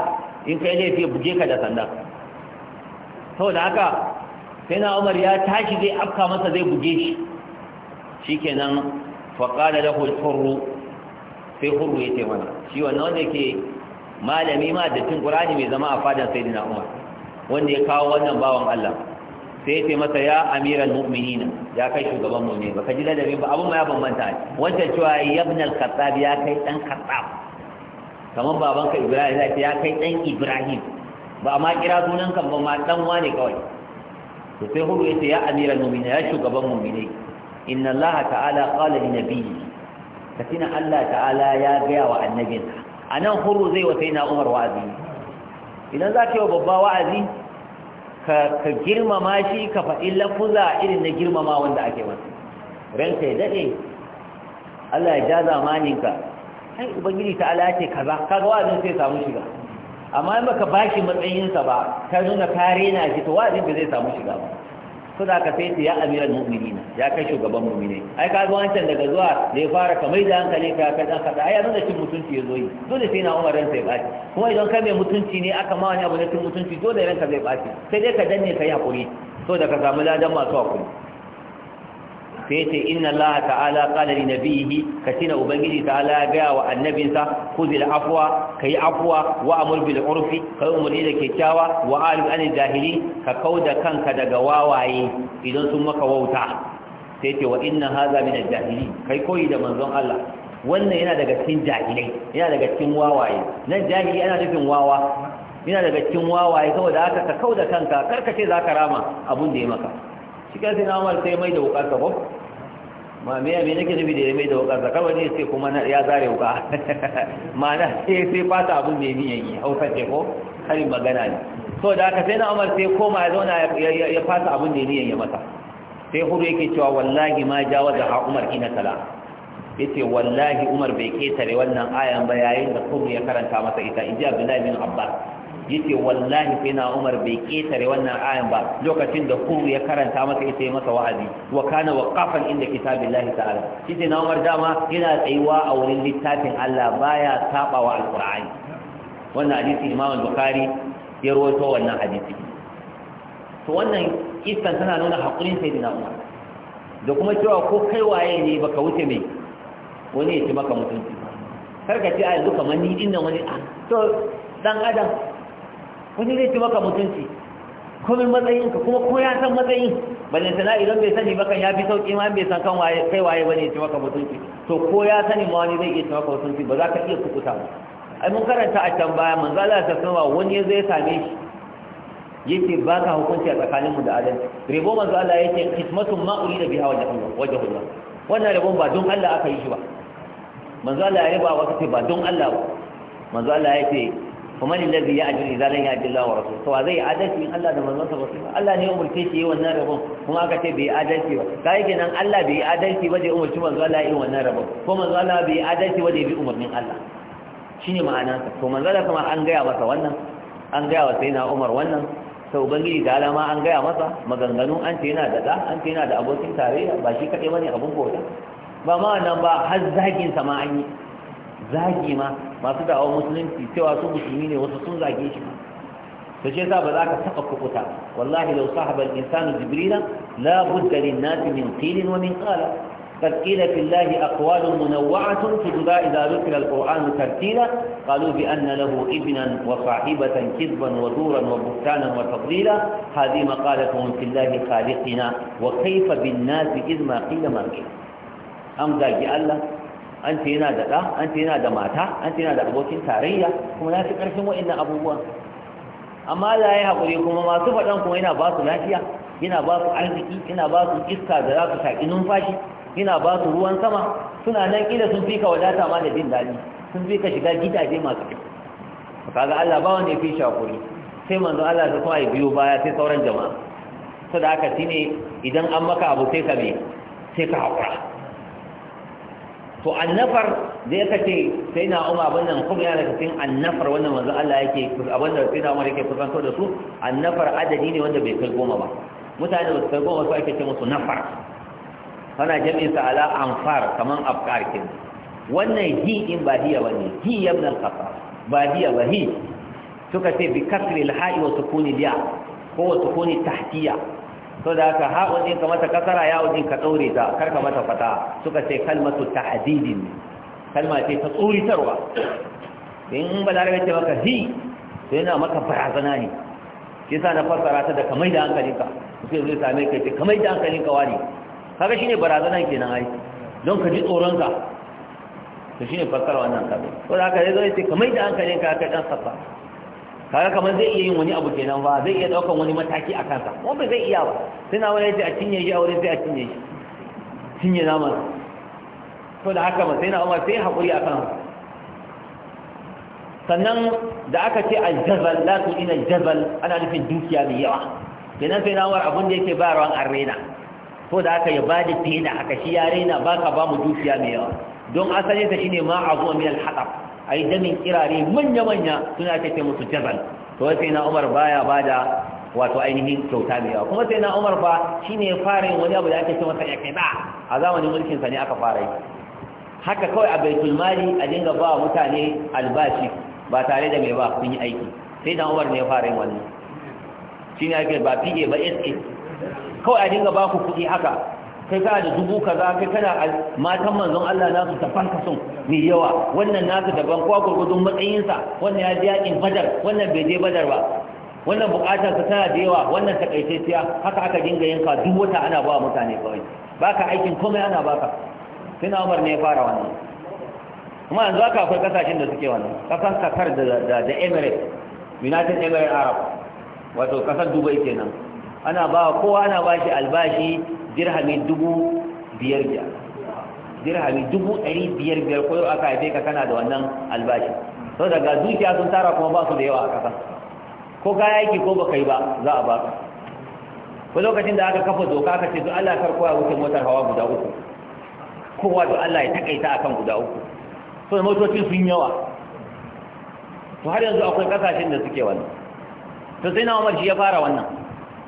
in kai laifi ya buge ka da sanda sau da haka sai na umar ya tashi zai afka masa zai buge shi shikenan faƙala da hulhurru sai hurru ya ce mana shi wannan wanda ke malami ma da cin ƙurani mai zama a fadan sai dina umar wanda ya kawo wannan bawan allah sai ya ce masa ya amiran mu'minina ya kai shugaban mu ne baka ji ladabi ba abin ma ya bambanta ne wancan cewa yabna al-khattab ya kai dan khattab kamar babanka ibrahim ya ce ya kai dan ibrahim ba ma kira sunan kan ba ma dan wane kawai to sai hurru ya ce ya amiran mu'minina ya shugaban mu'minai inna ta'ala qala li nabiyyi katina allah ta'ala ya gaya wa annabin anan huru zai wa na umar wa'azi idan za ka yi wa babba wa'azi ka girmama shi ka faɗi lafuza irin na girmama wanda ake masa ranka ya daɗe allah ya ja zamaninka ai ubangiji ta'ala ya ce kaza kaga wa'azin sai samu shiga amma in baka bashi matsayinsa ba ka nuna kare na shi to wa'azin ba zai samu shiga ba suna ka sai ya amiral mu'minina ya kai shugaban mu'minai ai ka ga wancan daga zuwa da ya fara kamai da hankali ka ka dan kada ai ya nuna cin mutunci ya zo yi dole sai na Umar ransa ya baci kuma idan ka mai mutunci ne aka ma wani abu na cin mutunci dole ranka zai baci sai dai ka danne ka yi hakuri so da ka samu ladan masu hakuri sai ce inna Allah ta'ala qala li nabihi katina ubangiji ta'ala ga wa annabinsa kuzil afwa kai afwa wa amur bil urfi kai umuri da kyakkyawa wa alim anil jahili ka kauda kanka daga wawaye idan sun maka wauta sai ce wa inna hadha min al-jahili kai koyi da manzon Allah wannan yana daga cikin jahilai yana daga cikin wawaye nan jahili yana nufin wawa yana daga cikin wawaye saboda haka ka kauda kanka karkace zaka rama abun da ya maka shi kan sai na sai mai da wuka ka mami ya me nake nufi da ya mai da wukar sa kawai ne sai kuma ya zare wuka *laughs* ma'ana sai sai fata abin da ya yi hausa ce ko karin magana ne so da aka sai na umar sai koma ya zauna ya fata abin da ya ya masa sai hudu yake cewa wallahi ma ja wa zaha umar ina Ya yace wallahi umar bai ketare wannan ayan ba yayin da kuma ya karanta masa ita inji abdullahi bin abbas yace wallahi sai Umar bai ketare wannan ayan ba lokacin da ku ya karanta masa ita ya masa wa'azi wa kana waqafan inda kitabillahi ta'ala shi sai na Umar dama yana tsayuwa a wurin littafin Allah baya saba wa alqur'ani wannan hadisi Imam Bukhari ya rawaito wannan hadisi to wannan kissan tana nuna hakurin sayyidina Umar da kuma cewa ko kai waye ne baka wuce mai wani ya ci maka mutunci karka ce a yanzu kamar ni din nan wani a ah, to dan adam Kun zai ci maka mutunci komin matsayinka kuma ko ya san matsayin ne sana idan bai sani baka ya fi sauki ma bai san kan waye kai waye bane ya ci maka mutunci to ko ya sani ma wani zai iya ci maka mutunci ba za ka iya kukuta ba ai mun karanta a can baya manzo Allah ta sanwa wani zai same shi yake ka hukunci a tsakanin mu da adalci rebo manzo Allah yake kismatun ma urida biha wajhullah wajhullah wannan rebon ba don Allah aka yi shi ba manzo Allah ya riba wasu ce ba don Allah ba manzo Allah yake kuma ne lazi ya ajiyar izalan ya ajiyar lawar rasu to zai adalci in Allah da manzansa ba su Allah ne ya umurce shi wannan rabon kuma aka ce bai adalci ba kai nan Allah bai adalci ba da umarci manzo Allah yin wannan rabon ko manzo Allah bai adalci ba da bi umarnin Allah shine ma'anarsa to manzo Allah kuma an gaya masa wannan an gaya wa sayyidina Umar wannan sau ubangiji da alama an gaya masa maganganu an ce yana da da an ce yana da abokin tarayya ba shi kaɗai bane abun bauta ba ma nan ba har zagin sa ma an yi zagi ma masu awon musulunci cewa su musulmi ne wasu sun zage shi ta ce za ba za ka taɓa kukuta wallahi lau sahaba al-insanu jibrila la budda lin-nasi min qilin wa min qala قد قيل في الله أقوال منوعة تجدى إذا ذكر القرآن ترتيلا قالوا بأن له ابنا وصاحبة كذبا ودورا وبهتانا وتضليلا هذه مقالتهم في الله خالقنا وكيف بالناس إذ ما قيل ما قيل أم ذاك الله an ce yana da ɗa an ce yana da mata an ce yana da abokin tarayya kuma na fi ƙarfin wa'annan abubuwan amma da ya haƙuri kuma masu faɗan kuma yana ba su lafiya yana ba su arziki yana ba su iska da za su shaƙi numfashi yana ba su ruwan sama suna nan ƙila sun fi ka wadata ma da jin daɗi sun fi ka shiga gidaje masu kyau kaga Allah ba wanda ya fi shakuri sai manzo Allah ya kuma ya biyo baya sai sauran jama'a saboda haka shine idan an maka abu sai ka me sai ka haƙura to annafar zai ya kace sai na umar abin nan kuma yana daga cikin annafar wannan manzo Allah yake abin da sai na umar yake kusanto da su annafar adadi ne wanda bai kai goma ba mutane da su kai goma su ake ce musu nafar Kana jami'in sa ala anfar kaman afkar kin wannan hi in ba hiya bane hi ibn al-qafa ba hiya ba hi suka ce bi kasri al-ha'i wa sukuni liya ko wa sukuni tahtiya so da haka ha'un ɗin ka mata kasara ya ɗin ka ɗaure ta kar ka mata fata suka ce kalmatu tahdidin kalma ce ta tsoritarwa in ba da rage maka hi to yana maka barazana ne shi yasa na fassara ta da kamai da ka sai zai same ka ce kamai da ka wani kaga shine barazana kenan ai don ka ji tsoron ka to shine fassara wannan kaza to da haka zai zo ya ce kamai da ka ka dan safa kaga kamar zai iya yin wani abu kenan ba zai iya daukan wani mataki a kansa ko ba zai iya ba sai na wani a cinye shi a wurin sai a cinye shi cinye naman to da haka ma sai na umar sai hakuri akan sannan da aka ce a jazal la tu ina jazal ana nufin dukiya mai yawa kenan sai na umar abun da yake bayarwa an rena to da haka ya bada tena aka shi ya rena baka ba mu dukiya mai yawa don asali ta shine ma abu min alhatab Ai yi kirare manya-manya suna ce musu jazal to sai na umar baya bada wato ainihin kyauta mai yawa kuma sai na umar ba shi ne fara wani abu da ake ce masa yakida a zamanin mulkinsa ne aka fara yi haka kawai a baitul mali a dinga ba mutane albashi ba tare da mai ba sun yi aiki sai na umar ne ya fara yin wannan shi ne ake ba fiye ba sa kawai a dinga ba ku kuɗi haka kai kana da dubu kaza kai kana matan manzon Allah nasu tafan sun mai yawa wannan nasu daban kowa gurgudun matsayinsa wannan ya je yakin badar wannan bai je badar ba wannan bukatar ka tana da yawa wannan takaitacciya haka aka dinga yanka duk wata ana ba mutane kawai baka aikin komai ana baka sai na Umar ne ya fara wannan kuma yanzu haka akwai kasashen da suke wannan kasan Qatar da da Emirates United Emirates Arab wato kasar Dubai kenan ana ba kowa ana ba shi albashi dirhami dubu biyar biyar dirhami dubu ɗari biyar biyar ko aka haife ka kana da wannan albashi So daga dukiya sun tara kuma ba su da yawa a ƙasa ko kaya yake ko baka yi ba za a ba ka ko lokacin da aka kafa doka aka ce to Allah kar kowa wuce motar hawa guda uku kowa to Allah ya takaita akan guda uku so da motocin sun yawa to har yanzu akwai kasashen da suke wannan to sai na Umar shi ya fara wannan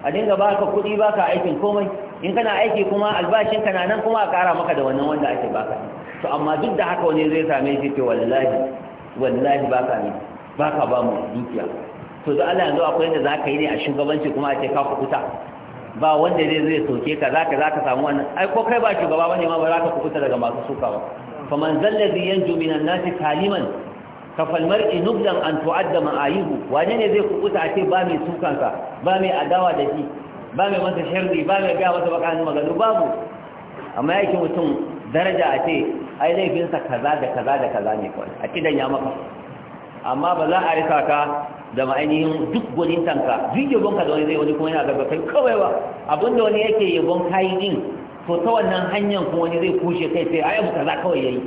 a dinga baka kuɗi baka aikin komai in kana aiki kuma albashin ka nan kuma a kara maka da wannan wanda ake baka to amma duk da haka wani zai same shi ce wallahi wallahi baka ne baka ba mu dukiya to da Allah yanzu akwai yadda zaka yi ne a shugabanci kuma a ce ka kukuta ba wanda zai zai soke ka zaka zaka samu wannan ai ko kai ba shugaba bane ma ba zaka kukuta daga masu suka ba. sukawa faman zallazi yanju minan nasi kaliman kafal mar'i nubdan an tu'adda ma'ayihu wane ne zai kukuta a ce ba mai sukansa ba mai adawa da shi ba mai masa shirri ba mai gaya masa bakanin maganu babu amma yake mutum daraja a ce ai laifinsa kaza da kaza da kaza ne kawai a kidan ya maka amma ba za a rika ka da ma'ainihin duk gwanin tanka duk ka da wani zai wani kuma yana gaba kai kawai ba da wani yake yabon kayi din to ta wannan hanyar kuma wani zai kushe kai sai ai abu kaza kawai yayi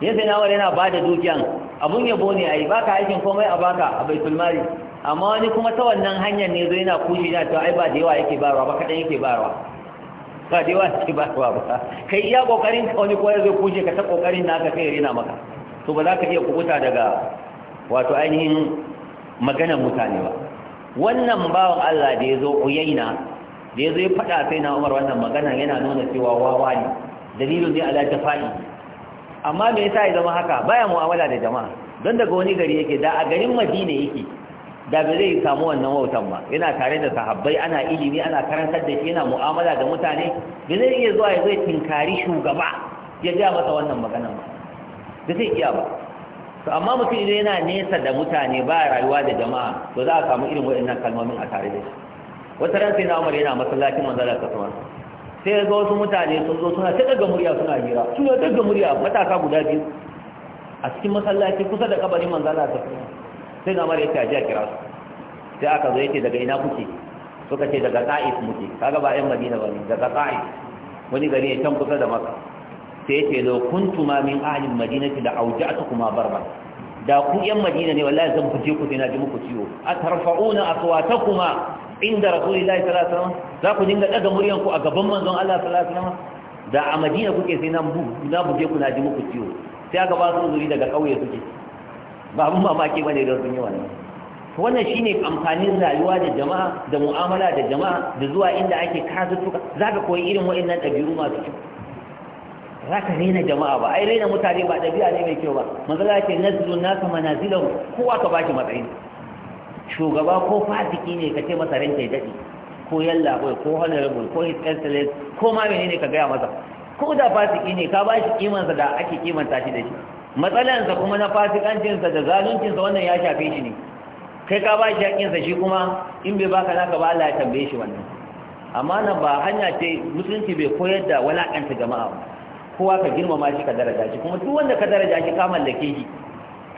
yanzu sai na wani yana ba da dukiyan abun yabo ne ai baka aikin komai a baka a baitul mali amma wani kuma ta wannan hanyar ne zai na kushi na to ai ba da yawa yake bayarwa ba kaɗan yake bayarwa ba da yawa yake bayarwa ba kai iya ƙoƙarin ka wani koyar zai kushe ka ta ƙoƙarin na ka kai rena maka to ba za ka iya kubuta daga wato ainihin maganar mutane ba wannan bawan Allah da ya zo na da ya zo ya faɗa sai na Umar wannan magana yana nuna cewa wawa ne dalilin ne ala faɗi amma me yasa ya zama haka baya mu'amala da jama'a don daga wani gari yake da a garin Madina yake da ba zai samu wannan wautan ba yana tare da sahabbai ana ilimi ana karantar da shi yana mu'amala da mutane ba zai iya zuwa ya zai tinkari shugaba ya ga masa wannan magana ba ba zai iya ba to amma mutum idan yana nesa da mutane ba rayuwa da jama'a to za a samu irin waɗannan kalmomin a tare da shi wata ran sai na umar yana masallacin manzala ta tsawon sai ga wasu mutane sun zo suna ta daga murya suna hira suna daga murya matasa guda biyu a cikin masallaci kusa da kabarin manzala ta tsawon sai na mara yace a ji kira su sai aka zo yace daga ina kuke suka ce daga ta'if muke kaga ba yan madina ba ne daga ta'if wani gari ne can kusa da maka sai yace law kuntuma min ahli madinati da auja'tukuma barba da ku yan madina ne wallahi zan fice ku sai na ji muku ciwo A a tarfauna atarfa'una aswatakuma inda rasulullahi sallallahu alaihi wasallam za ku dinga ɗaga muryan ku a gaban manzon Allah sallallahu alaihi wasallam da a madina kuke sai na buge ku na ji muku ciwo sai aka ba su zuri daga kauye suke ba abin mamaki ba ne don sun yi wannan wannan shine amfanin rayuwa da jama'a da mu'amala da jama'a da zuwa inda ake kazuttuka za ka koyi irin wa'annan ɗabi'u masu kyau za ka jama'a ba ai rena mutane ba ɗabi'a ne mai kyau ba manzala ce nazilu naka manazilahu kowa ka baki matsayin shugaba ko fasiki ne ka ce masa ranta ya daɗe ko yalla ko ko honorable ko his excellence ko ma menene ka gaya masa ko da fasiki ne ka bashi kimansa da ake kimanta shi da shi matsalansa kuma na fasikancinsa da zaluncinsa wannan ya shafe shi ne kai ka ba shi haƙƙinsa shi kuma in bai baka naka ba Allah ya tambaye shi wannan amma nan ba hanya ce musulunci bai koyar da walakanta jama'a ba kowa ka girmama shi ka daraja shi kuma duk wanda ka daraja shi ka mallake shi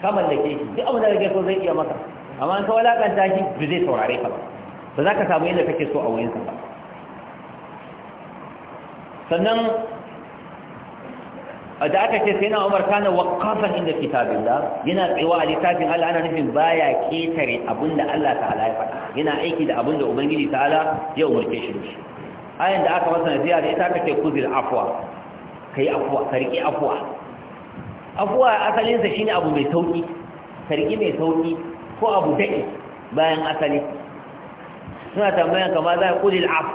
ka mallake shi duk abin da kake so zai iya maka amma in ka walakanta shi ba zai saurare ka ba ba za ka samu yadda kake so a wurinsa ba sannan da aka ce sai na umar kana waqqafan inda da yana tsayawa a littafin Allah ana nufin baya ketare abinda Allah ta'ala ya faɗa yana aiki da abinda ubangiji ta'ala ya umarke shi dashi ayan da aka masa nasiha da ita aka ce kuzil afwa kai afwa ka riƙi afwa afwa asalin sa shine abu mai sauki ka riƙi mai sauki ko abu dai bayan asali suna tambayan kama za ku kuzil af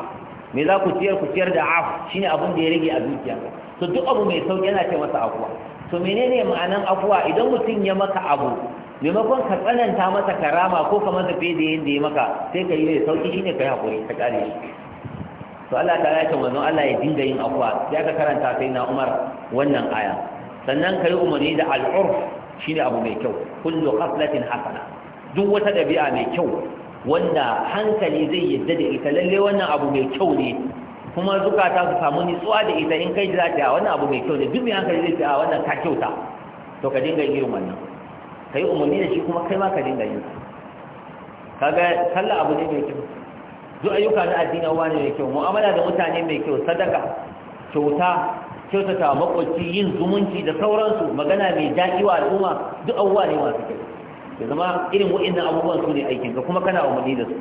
me za ku ciyar ku ciyar da af shine abin da ya rage a zuciya. to duk abu mai sauki yana ce masa afuwa to menene ma'anan afuwa idan mutum ya maka abu maimakon ka tsananta masa karama ko ka masa fiye da yadda ya maka sai ka yi mai sauki shine ka yi hakuri ka kare shi to Allah ta ya ce manzo Allah ya dinga yin afuwa sai aka karanta sai na Umar wannan aya sannan yi umarni da al'urf shine abu mai kyau kullu qaslatin hasana duk wata dabi'a mai kyau wanda hankali zai yadda da ita lalle wannan abu mai kyau ne kuma zukata su samu nitsuwa da ita in kai za ta wannan abu mai kyau ne duk mai hankali zai ce a wannan ka kyauta to ka dinga yin wannan ka yi umarni da shi kuma kai ma ka dinga yin ga sallah abu ne mai kyau duk ayyuka na addini abuwa ne mai kyau mu'amala da mutane mai kyau sadaka kyauta kyautata makwabci yin zumunci da sauransu magana mai daɗi wa al'umma duk abubuwa ne masu kyau ya zama irin wa'innan abubuwan su ne aikin ka, kuma kana umarni da su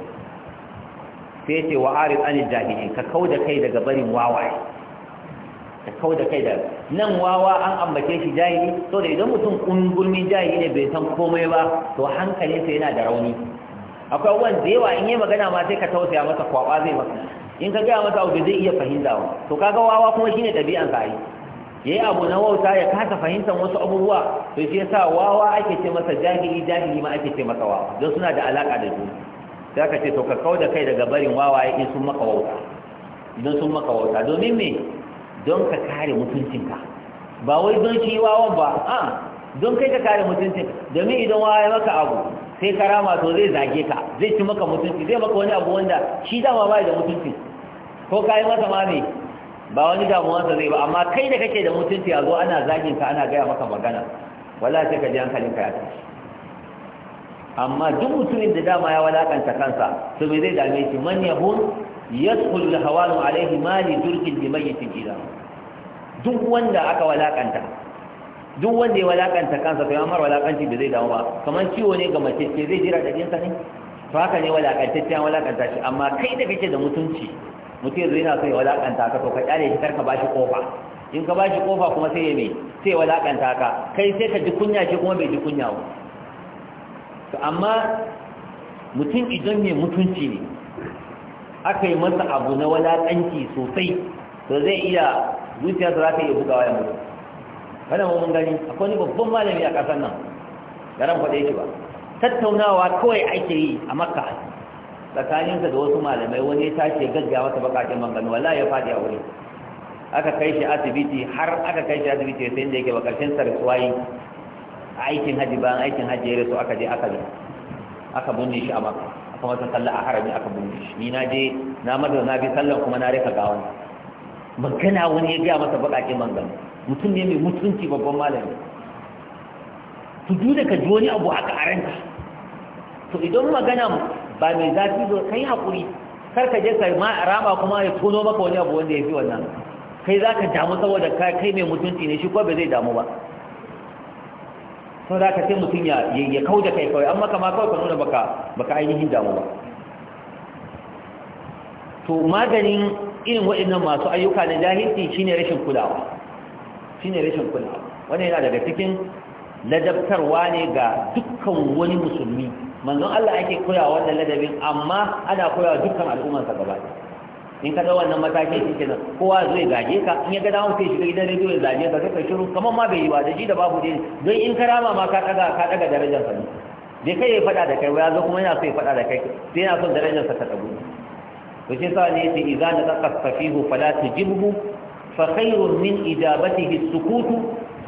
sai ce wa arid anil jahilin ka kauda kai daga barin wawaye ka kauda kai da nan wawa an ambace shi jahili to da idan mutum kungulmin jahili ne bai san komai ba to hankalinsa yana da rauni akwai wani da yawa in yi magana ma sai ka tausaya masa kwaba zai masa in ka gaya masa abu zai iya fahimta wa to kaga wawa kuma shine ɗabi'an sa yi yi abu na wauta ya kasa fahimtar wasu abubuwa to shi yasa wawa ake ce masa jahili jahili ma ake ce masa wawa don suna da alaka da juna sai aka ce to ka da kai daga barin wawaye in sun maka wauta idan sun maka wauta domin me don ka kare mutuncinka ba wai don shi wawan ba a don kai ka kare mutuncin domin idan wawaye maka abu sai karama to zai zage ka zai ci maka mutunci zai maka wani abu wanda shi dama bai da mutunci ko kai masa ma ne ba wani damuwansa zai ba amma kai da kake da mutunci a zo ana zagin ka ana gaya maka magana wala sai ka ji hankalinka ya tashi amma duk mutumin da dama ya walakanta kansa to me zai dame shi man yahun yadkhul al-hawalu alayhi mali durkin bi mayyitin ila duk wanda aka walakanta duk wanda ya walakanta kansa to amma walakanci bai zai dawo ba kamar ciwo ne ga mace ce zai jira da jinta ne to haka ne walakantacce an walakanta shi amma kai da kake da mutunci mutum zai na so ya walakanta ka to ka kyale shi karka bashi kofa in ka bashi kofa kuma sai ya me sai walakanta ka kai sai ka ji kunya shi kuma bai ji kunya ba to amma mutum idan mai mutunci ne aka yi masa abu na walaƙanci sosai to zai iya zuciya za ta iya bugawa ya mutu kada mu mun gani akwai babban malami a ƙasar nan da ran faɗe shi ba tattaunawa kawai ake yi a makka tsakaninsa da wasu malamai wani ya tashi ya gaggawa ta bakakin mangano wallahi ya faɗi a wuri aka kai shi asibiti har aka kai shi asibiti sai inda yake ba karshen aikin haji bayan aikin haji ya rasu aka je aka bi aka bunne shi a maka aka masa sallah a harami aka bunne shi ni na je na maza na bi sallan kuma na rika gawan magana wani ya gaya masa baƙaƙe mangan mutum ne mai mutunci babban malami to duk da ka ji wani abu aka aranta to idan magana ba mai zafi zo kai hakuri kar ka je ka rama kuma ya tono maka wani abu wanda ya fi wannan kai zaka damu saboda kai mai mutunci ne shi ko ba zai damu ba sau da ka ce mutum ya kau da kai kawai amma kama kawai ka nuna baka ainihin damu ba to maganin irin waɗannan masu ayyuka na jahilci shine rashin kulawa shine rashin kulawa wannan yana daga cikin ladabtarwa ne ga dukkan wani musulmi manzon Allah ake koyawa wannan ladabin amma ana koyawa dukkan al'ummarsa gaba ɗaya in ka wannan mataki shi kenan kowa zai gaje ka in ya ga dawo sai shiga gidan rediyo ya zaje ka sai ka shiru kamar ma bai yi ba da shi da babu dai don in ka rama ma ka daga ka daga darajar ka ne kai ya faɗa da kai ya zo kuma yana so ya faɗa da kai sai yana son darajar sa ta dago to shi sa ne yace idza naqa safihu fala tujibhu fa khairun min ijabatihi sukutu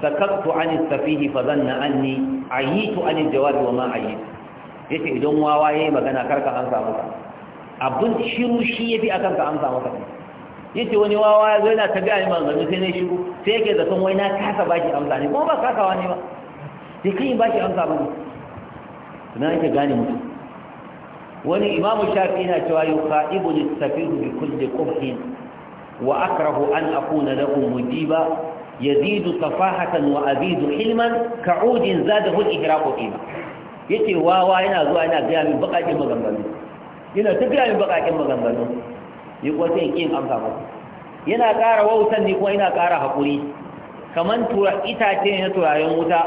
sakaktu an safihi fa zanna anni ayitu an jawabi wa ma ayitu yace idan wawa yi magana karka an samu ka abin shiru shi ya fi a kanka amsa maka ya ce wani wawa ya zai na ta gaya ma zanu sai na shiru sai yake zaton wai na kasa baki amsa ne kuma ba kasawa ne ba sai kan yi baki amsa ba ne na yake gane mutum wani imamu shafi yana cewa yau ka'ibu littafiru bi kulli qubhin wa akrahu an akuna lahu mujiba yazidu safahatan wa azidu hilman ka'udin zadahu al-ihraqu qima yace wawa yana zuwa yana gaya min baƙaƙen maganganu yana tafiya mai bakakin maganganu yi kuwa sai yin amsa musu yana ƙara wautan ne kuma yana ƙara haƙuri kamar tura itace na turaren wuta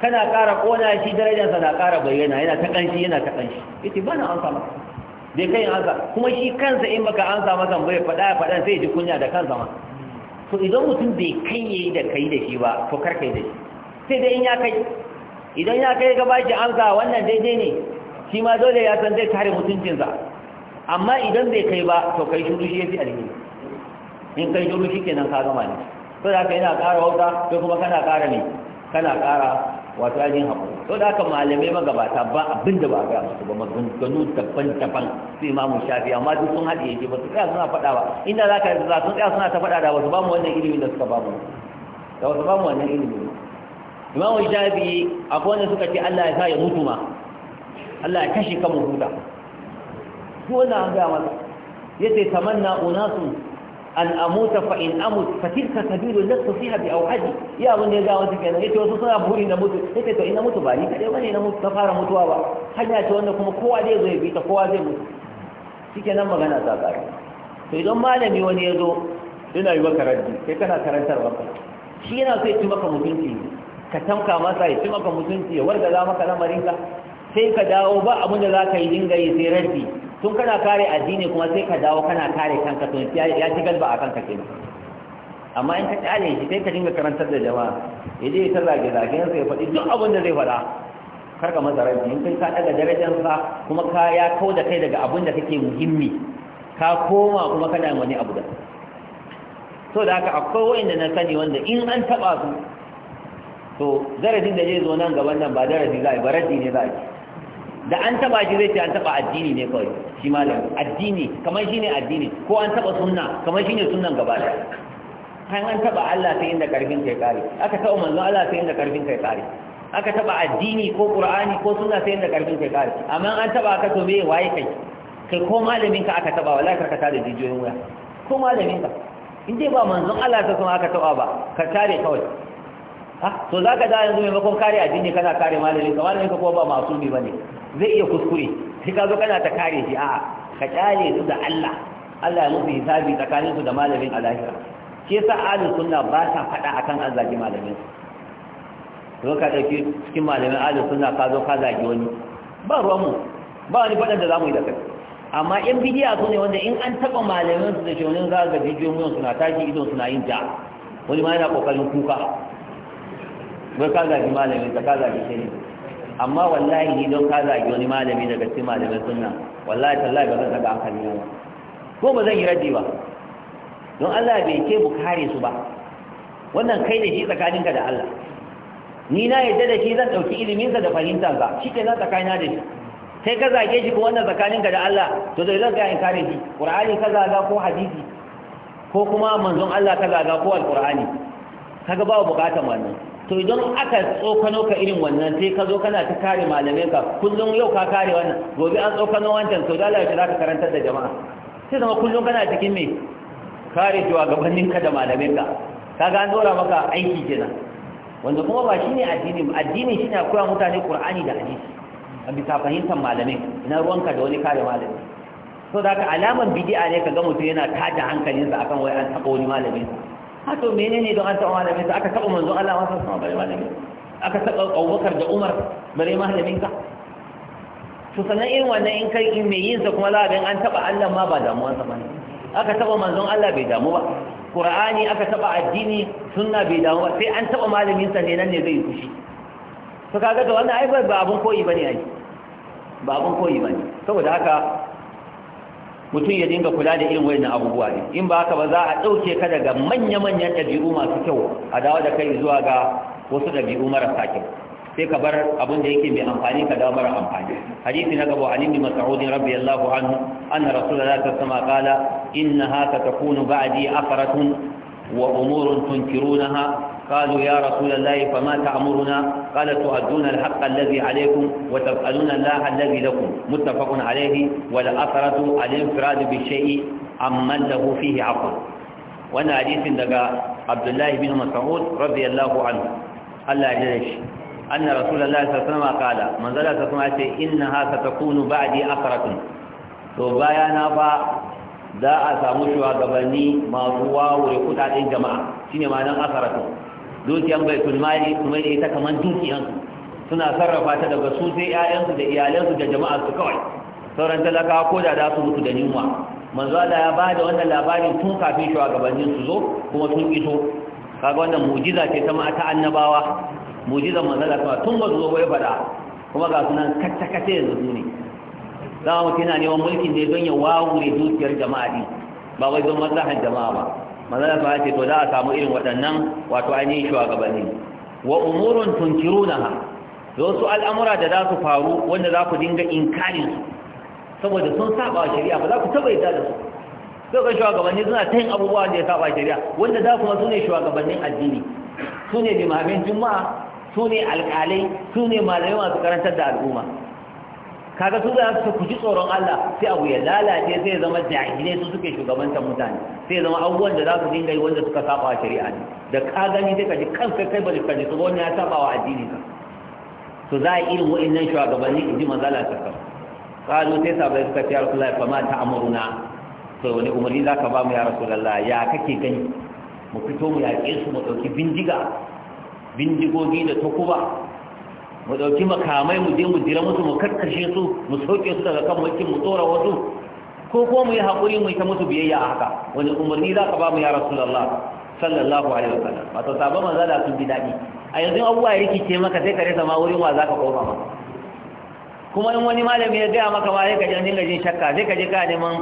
kana ƙara ƙona shi darajarsa na ƙara bayyana yana ta ƙanshi yana ta ƙanshi Ita ba na amsa masa bai kai amsa. kuma shi kansa in baka amsa masa bai faɗa faɗan sai ji kunya da kansa ma to idan mutum bai kai yayi da kai da shi ba to kar kai da shi sai dai in ya kai idan ya kai gaba shi amsa wannan daidai ne shi ma dole ya san zai kare mutuncinsa amma idan bai kai ba to kai shi shi yafi alheri in kai shiru shi kenan ka gama ne to da kai yana ƙara wauta to kuma kana ƙara ne kana ƙara wato ajin haƙuri to da haka malamai magabata ba abin da ba ga su ba maganganu daban-daban su imamu shafi amma duk sun haɗe yake ba su tsaya suna faɗa ba inda za ka za su tsaya suna ta faɗa da wasu ba mu wannan ilimin da suka ba mu da wasu ba mu wannan ilimin imamu shafi akwai wanda suka ce Allah ya sa ya mutu ma Allah ya kashe kan mu huta dole an gaya masa yace tamanna unasun an amuta fa in amut fa tilka sabilu lastu fiha bi awhadi ya abin da ya gawa kenan. Ya ce wasu suna buri na mutu Ya yace to ina mutu ba ni kadai ne na mutu ta fara mutuwa ba hanya ce wanda kuma kowa zai zo ya bi ta kowa zai mutu shikenan magana ta tsare to idan malami wani ya zo yana yi maka raddi kai kana karantar maka shi yana so ya ci maka mutunci ka tamka masa ya ci maka mutunci ya wargaza maka lamarinka sai ka dawo ba abin da za ka yi dinga yi sai raddi tun kana kare addini kuma sai ka dawo kana kare kanka to ya ci galba a kanka kenan amma in ka kyale shi sai ka dinga karantar da jama'a ya je ta zage zage sai ya faɗi duk abin da zai faɗa kar ka masa rabbi in kai ka daga darajarsa kuma ka ya kau da kai daga abin da kake muhimmi ka koma kuma kana wani abu da so da haka akwai wanda na sani wanda in an taba su to darajin da zai zo nan gaban nan ba daraji za a yi ba raddi ne za a yi da an taba shi zai ce an taba addini ne kawai shi malam addini kamar shine addini ko an taba sunna kamar shine sunnan gaba da kan an taba Allah sai inda karfin kai kare aka taba manzon Allah sai inda karfin kai kare aka taba addini ko qur'ani ko sunna sai inda karfin kai kare amma an taba ka to me waye kai kai ko malamin ka aka taba wallahi karka tare jijiyoyin waya ko malamin ka in dai ba manzon Allah sai kuma aka taba ba ka tare kawai ha to zaka da yanzu maimakon kare addini kana kare malamin ka malamin ka ko ba masumi bane zai iya kuskure sai ka zo kana ta kare shi a'a ka kyale su da Allah Allah ya musu hisabi tsakanin su da malamin a lahira shi yasa ahlus sunna ba sa fada akan azzaki malamin to ka dauki cikin malamin ahlus sunna ka zo ka zagi wani ba ruwan mu ba wani fadan da zamu yi da kai amma yan bidiya su ne wanda in an taba malamin su da shaunin za ga bidiyoyin suna tashi idon suna yin ja wani ma yana kokarin kuka don ka zagi malamin ka zagi shi ne amma wallahi ni don ka zagi wani malami daga cikin malamin sunna wallahi tallahi ba zan daga kalli ba ko ba zan yi raddi ba don Allah bai ke mu kare su ba wannan kai da shi tsakaninka da Allah ni na yadda da shi zan ɗauki iliminsa da fahimtarsa shi ke na tsakanin da shi sai ka zage shi ko wannan tsakaninka da Allah to zai zan in kare shi ƙur'ani ka zaga ko hadisi ko kuma manzon Allah ka zaga ko alƙur'ani kaga ba buƙatar wannan to idan aka tsokano ka irin wannan sai ka zo kana ta kare malamai ka kullum yau ka kare wannan gobe an tsokano wancan to dala yaushe za ka karantar da jama'a sai zama kullum kana cikin me kare gabanin ka da malamai ka kaga an dora maka aiki kenan wanda kuma ba shine addini ba, addini shine koya mutane Qur'ani da hadisi a bisa fahimtar malamai ina ruwanka da wani kare malamai so da ka alaman bid'a ne kaga mutum yana tada hankalinsa akan wai an taba wani malamin sa hato *laughs* menene don an taɓa malamin sa aka taɓa manzo Allah wasu sama bare malamin aka taɓa Abubakar da Umar bare malamin ka to sannan irin wannan in kai in mai yin sa kuma labin an taɓa Allah ma ba damuwa sa bane aka taɓa manzon Allah bai damu ba Qur'ani aka taɓa addini sunna bai damu ba sai an taɓa malamin sa ne nan ne zai fushi to kaga da wannan ai ba abun koyi bane ai ba abun koyi bane saboda haka mutum ya dinga kula da irin wayannan abubuwa ne in ba haka ba za a ɗauke ka daga manya-manyan ɗabi'u masu kyau a dawo da kai zuwa ga wasu ɗabi'u mara sakin. sai ka bar abin da yake mai amfani ka dawo mara amfani hadisi na gaba an ibn mas'ud radiyallahu anhu anna rasulullahi sallallahu alaihi wasallam qala innaha satakunu ba'di afaratun wa umurun tunkirunaha قالوا يا رسول الله فما تأمرنا قال تؤدون الحق الذي عليكم وتفعلون الله الذي لكم متفق عليه والأثرة الانفراد بالشيء عمن له فيه عقل وانا حديث دقاء عبد الله بن مسعود رضي الله عنه الله جلش أن رسول الله صلى الله عليه وسلم قال من ذلك تسمعت إنها ستكون بعد أثرة فبايانا za a samu shugabanni masu wawure kudaden jama'a shine ma nan asaratu dukiyan bai mali kuma ne ita kaman dukiyan. suna sarrafa ta daga su sai ƴaƴansu da iyalansu da su kawai sauran talakawa ko da za su mutu da yunwa manzo Allah ya bada wannan labarin tun kafin shugabannin su zo kuma tun iso kaga wannan mu'jiza ce ta ma'ata annabawa mu'jizan manzo Allah kuma tun ba zo bai fada kuma ga sunan katakata yanzu ne zama mutum yana neman mulkin ne don ya wawure dukiyar jama'a ne ba wai don maslahar jama'a ba manzon fa ce to za a samu irin waɗannan wato ainihin shugabanni wa umurun tunkirunaha wasu al'amura da za su faru wanda za ku dinga inkarin su saboda sun saba shari'a ba za ku taba yadda da su sai ga shugabanni suna ta yin abubuwa da ya saba shari'a wanda za kuma su ne shugabannin addini su ne limamin juma'a su ne alƙalai su ne malamai masu karantar da al'umma kaga su za su ku ji tsoron Allah sai abu ya lalace sai ya zama jahilai su suke shugabantar mutane sai ya zama abubuwan da za su dinga yi wanda suka saba shari'a ne da ka gani sai ka ji kanka kai ba ka ji su wani ya saba wa addini ka to za a yi irin wa'annan shugabanni in ji manzala ta kan kalu sai sabai suka ce rasulullahi ta ma ta'amuruna to wani umarni za ka ba mu ya rasu lallai ya kake gani mu fito mu yaƙe su mu ɗauki bindiga bindigogi da takuba mu ɗauki makamai mu je mu jira musu mu karkashe su mu sauke su daga kan mulkin mu tsora wasu ko ko mu yi haƙuri mu yi ta musu biyayya a haka wani umarni za ka ba mu ya rasulullah sallallahu alaihi wasallam wato sabon manzo da sun bi daɗi a yanzu abubuwa ya rikice maka sai ka rasa ma wurin wa za ka koma ma kuma in wani malami ya gaya maka ma sai ka je dinga jin shakka sai ka je ka neman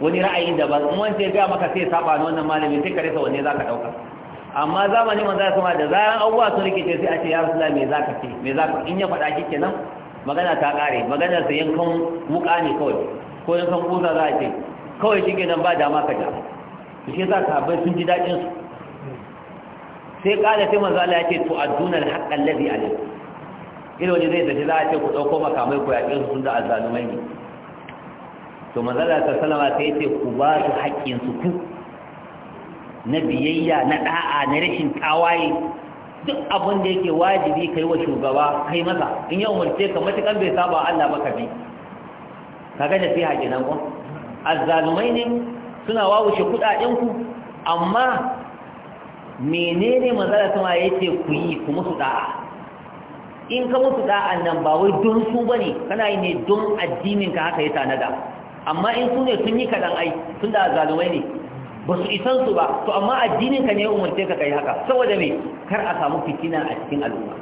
wani ra'ayi daban in wani ya gaya maka sai ya saba wannan malami sai ka rasa wanne za ka ɗauka amma zamanin manzo sama da zaran abubuwa sun rikice sai a ce ya rasulullah me zaka ce me zaka in ya faɗa kike nan magana ta ƙare magana yan yankan wuka ne kawai ko yankan kusa za a ce kawai shike nan ba dama ka ja to shi yasa bai sun ji daɗin su sai ƙara sai manzo Allah ya ce tu'adduna al-haqqa alladhi alaykum ido ne zai tafi za a ce ku ɗauko makamai ku yaƙe su sun da azzalumai ne to manzo Allah sallallahu alaihi wasallam sai ya ce ku ba su haƙƙin su ku na biyayya na da'a na rashin tawaye duk abin da yake wajibi kai wa shugaba kai masa in ya umarce ka matukan bai saba Allah ba ka bi kaga da fiha kenan ko azzalumai ne suna wawushe kudaden ku amma menene mazara sama ce ku yi ku musu da'a in ka musu da'a nan ba wai don su bane kana yi ne don addinin ka haka ya tanada amma in su ne sun yi kadan ai tun da zalumai ne ba su isan su ba to amma addinin ka ne umarce ka kai haka saboda me kar a samu fitina a cikin al'umma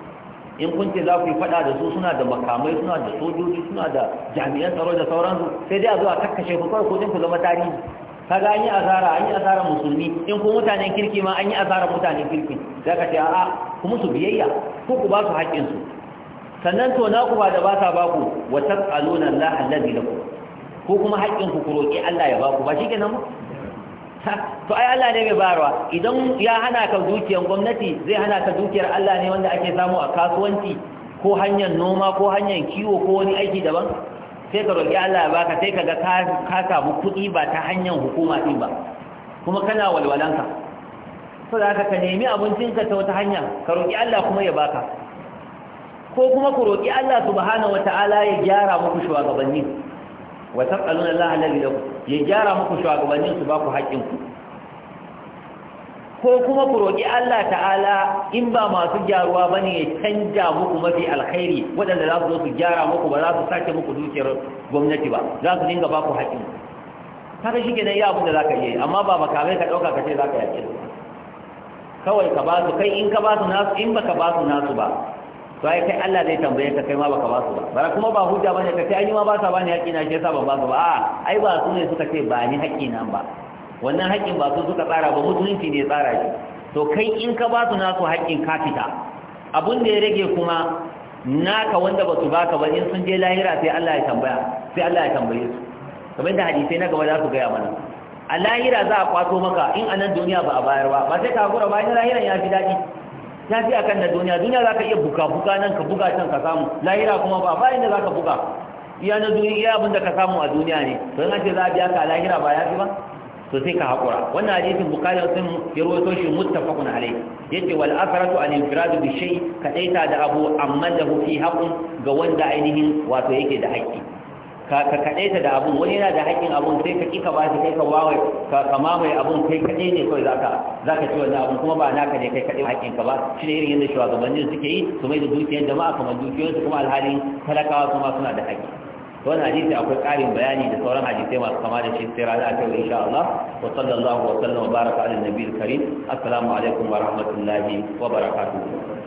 in kun ce za ku yi fada da su suna da makamai suna da sojoji suna da jami'an tsaro da sauransu sai dai a zuwa kakkashe ku kawai kotun ku zama tarihi kaga an yi asara an yi asarar musulmi in ku mutanen kirki ma an yi asarar mutanen kirki za ka ce a'a ku musu biyayya ko ku ba su haƙƙinsu sannan to na ku ba da ba ta ba ku wa tas'aluna Allah allazi lakum ko kuma haƙƙin ku ku roƙi Allah ya ba ku ba shikenan ba to ai Allah ne mai bayarwa idan ya hana ka dukiyar gwamnati zai hana ka dukiyar Allah ne wanda ake samu a kasuwanci ko hanyar noma ko hanyar kiwo ko wani aiki daban sai ka roƙi Allah ya baka sai ka ga ka samu kuɗi ba ta hanyar hukuma din ba kuma kana walwalanka to da haka ka nemi abincinka ta wata hanya ka roƙi Allah kuma ya baka ko kuma ku roƙi Allah subhanahu wataala ya gyara muku shugabanni wa tasaluna Allah alladhi lahu ya gyara muku shugabannin su ba ku ko kuma ku roƙi Allah ta'ala in ba masu jaruwa bane ya canja muku mafi alkhairi wadanda za su zo su gyara muku ba za su sake muku dukiyar gwamnati ba za su dinga ba ku haƙƙin haka shi ya abin da za ka yi amma ba makamai ka ɗauka ka ce za ka yaƙi kawai ka ba su kai in ka ba su nasu in ba ba su nasu ba to ai kai Allah zai tambaye ka kai ma baka ba su ba bara kuma ba hujja bane ka kai ai ma ba sa bani haƙƙi na shi yasa ban ba su ba a ai ba su ne suka ce ba ni haƙƙi na ba wannan haƙƙin ba su suka tsara ba musulunci ne tsara shi to kai in ka ba su nasu haƙƙin ka fita abun da ya rage kuma naka wanda ba su baka ba in sun je lahira sai Allah ya tambaya sai Allah ya tambaye su kamar da hadisi na gaba za su gaya mana a lahira za a kwato maka in a nan duniya ba a bayar ba ba sai ka gura ba in lahiran ya fi daɗi ta fi akan na duniya duniya za ka iya buka buka nan ka buga can ka samu lahira kuma ba ba inda za ka buga iya na duniya iya abinda ka samu a duniya ne to an ce za a biya ka lahira ba ya fi ba to sai ka haƙura wannan hadisin bukari sun ya rawaito shi muttafaqun alayhi yace wal asratu an infiradu bi shay daita da abu amma da fi haqqun ga wanda ainihin wato yake da haƙƙi ka ka kaɗai ta da abun wani yana da hakkin abun sai ka kika ba shi kai ka wawai ka ka mamaye abun kai kaɗai ne kawai zaka zaka ci wannan abun kuma ba naka ne kai kaɗai hakkin ka ba shi ne irin yadda shugabannin suke yi su mai da dukiyar jama'a kamar dukiyoyinsu kuma alhali talakawa kuma suna da haƙƙi wannan hadisi akwai ƙarin bayani da sauran hadisai masu kama da shi sai rana ta insha Allah wa sallallahu wa sallama baraka ala nabiyil karim assalamu alaikum wa rahmatullahi wa barakatuh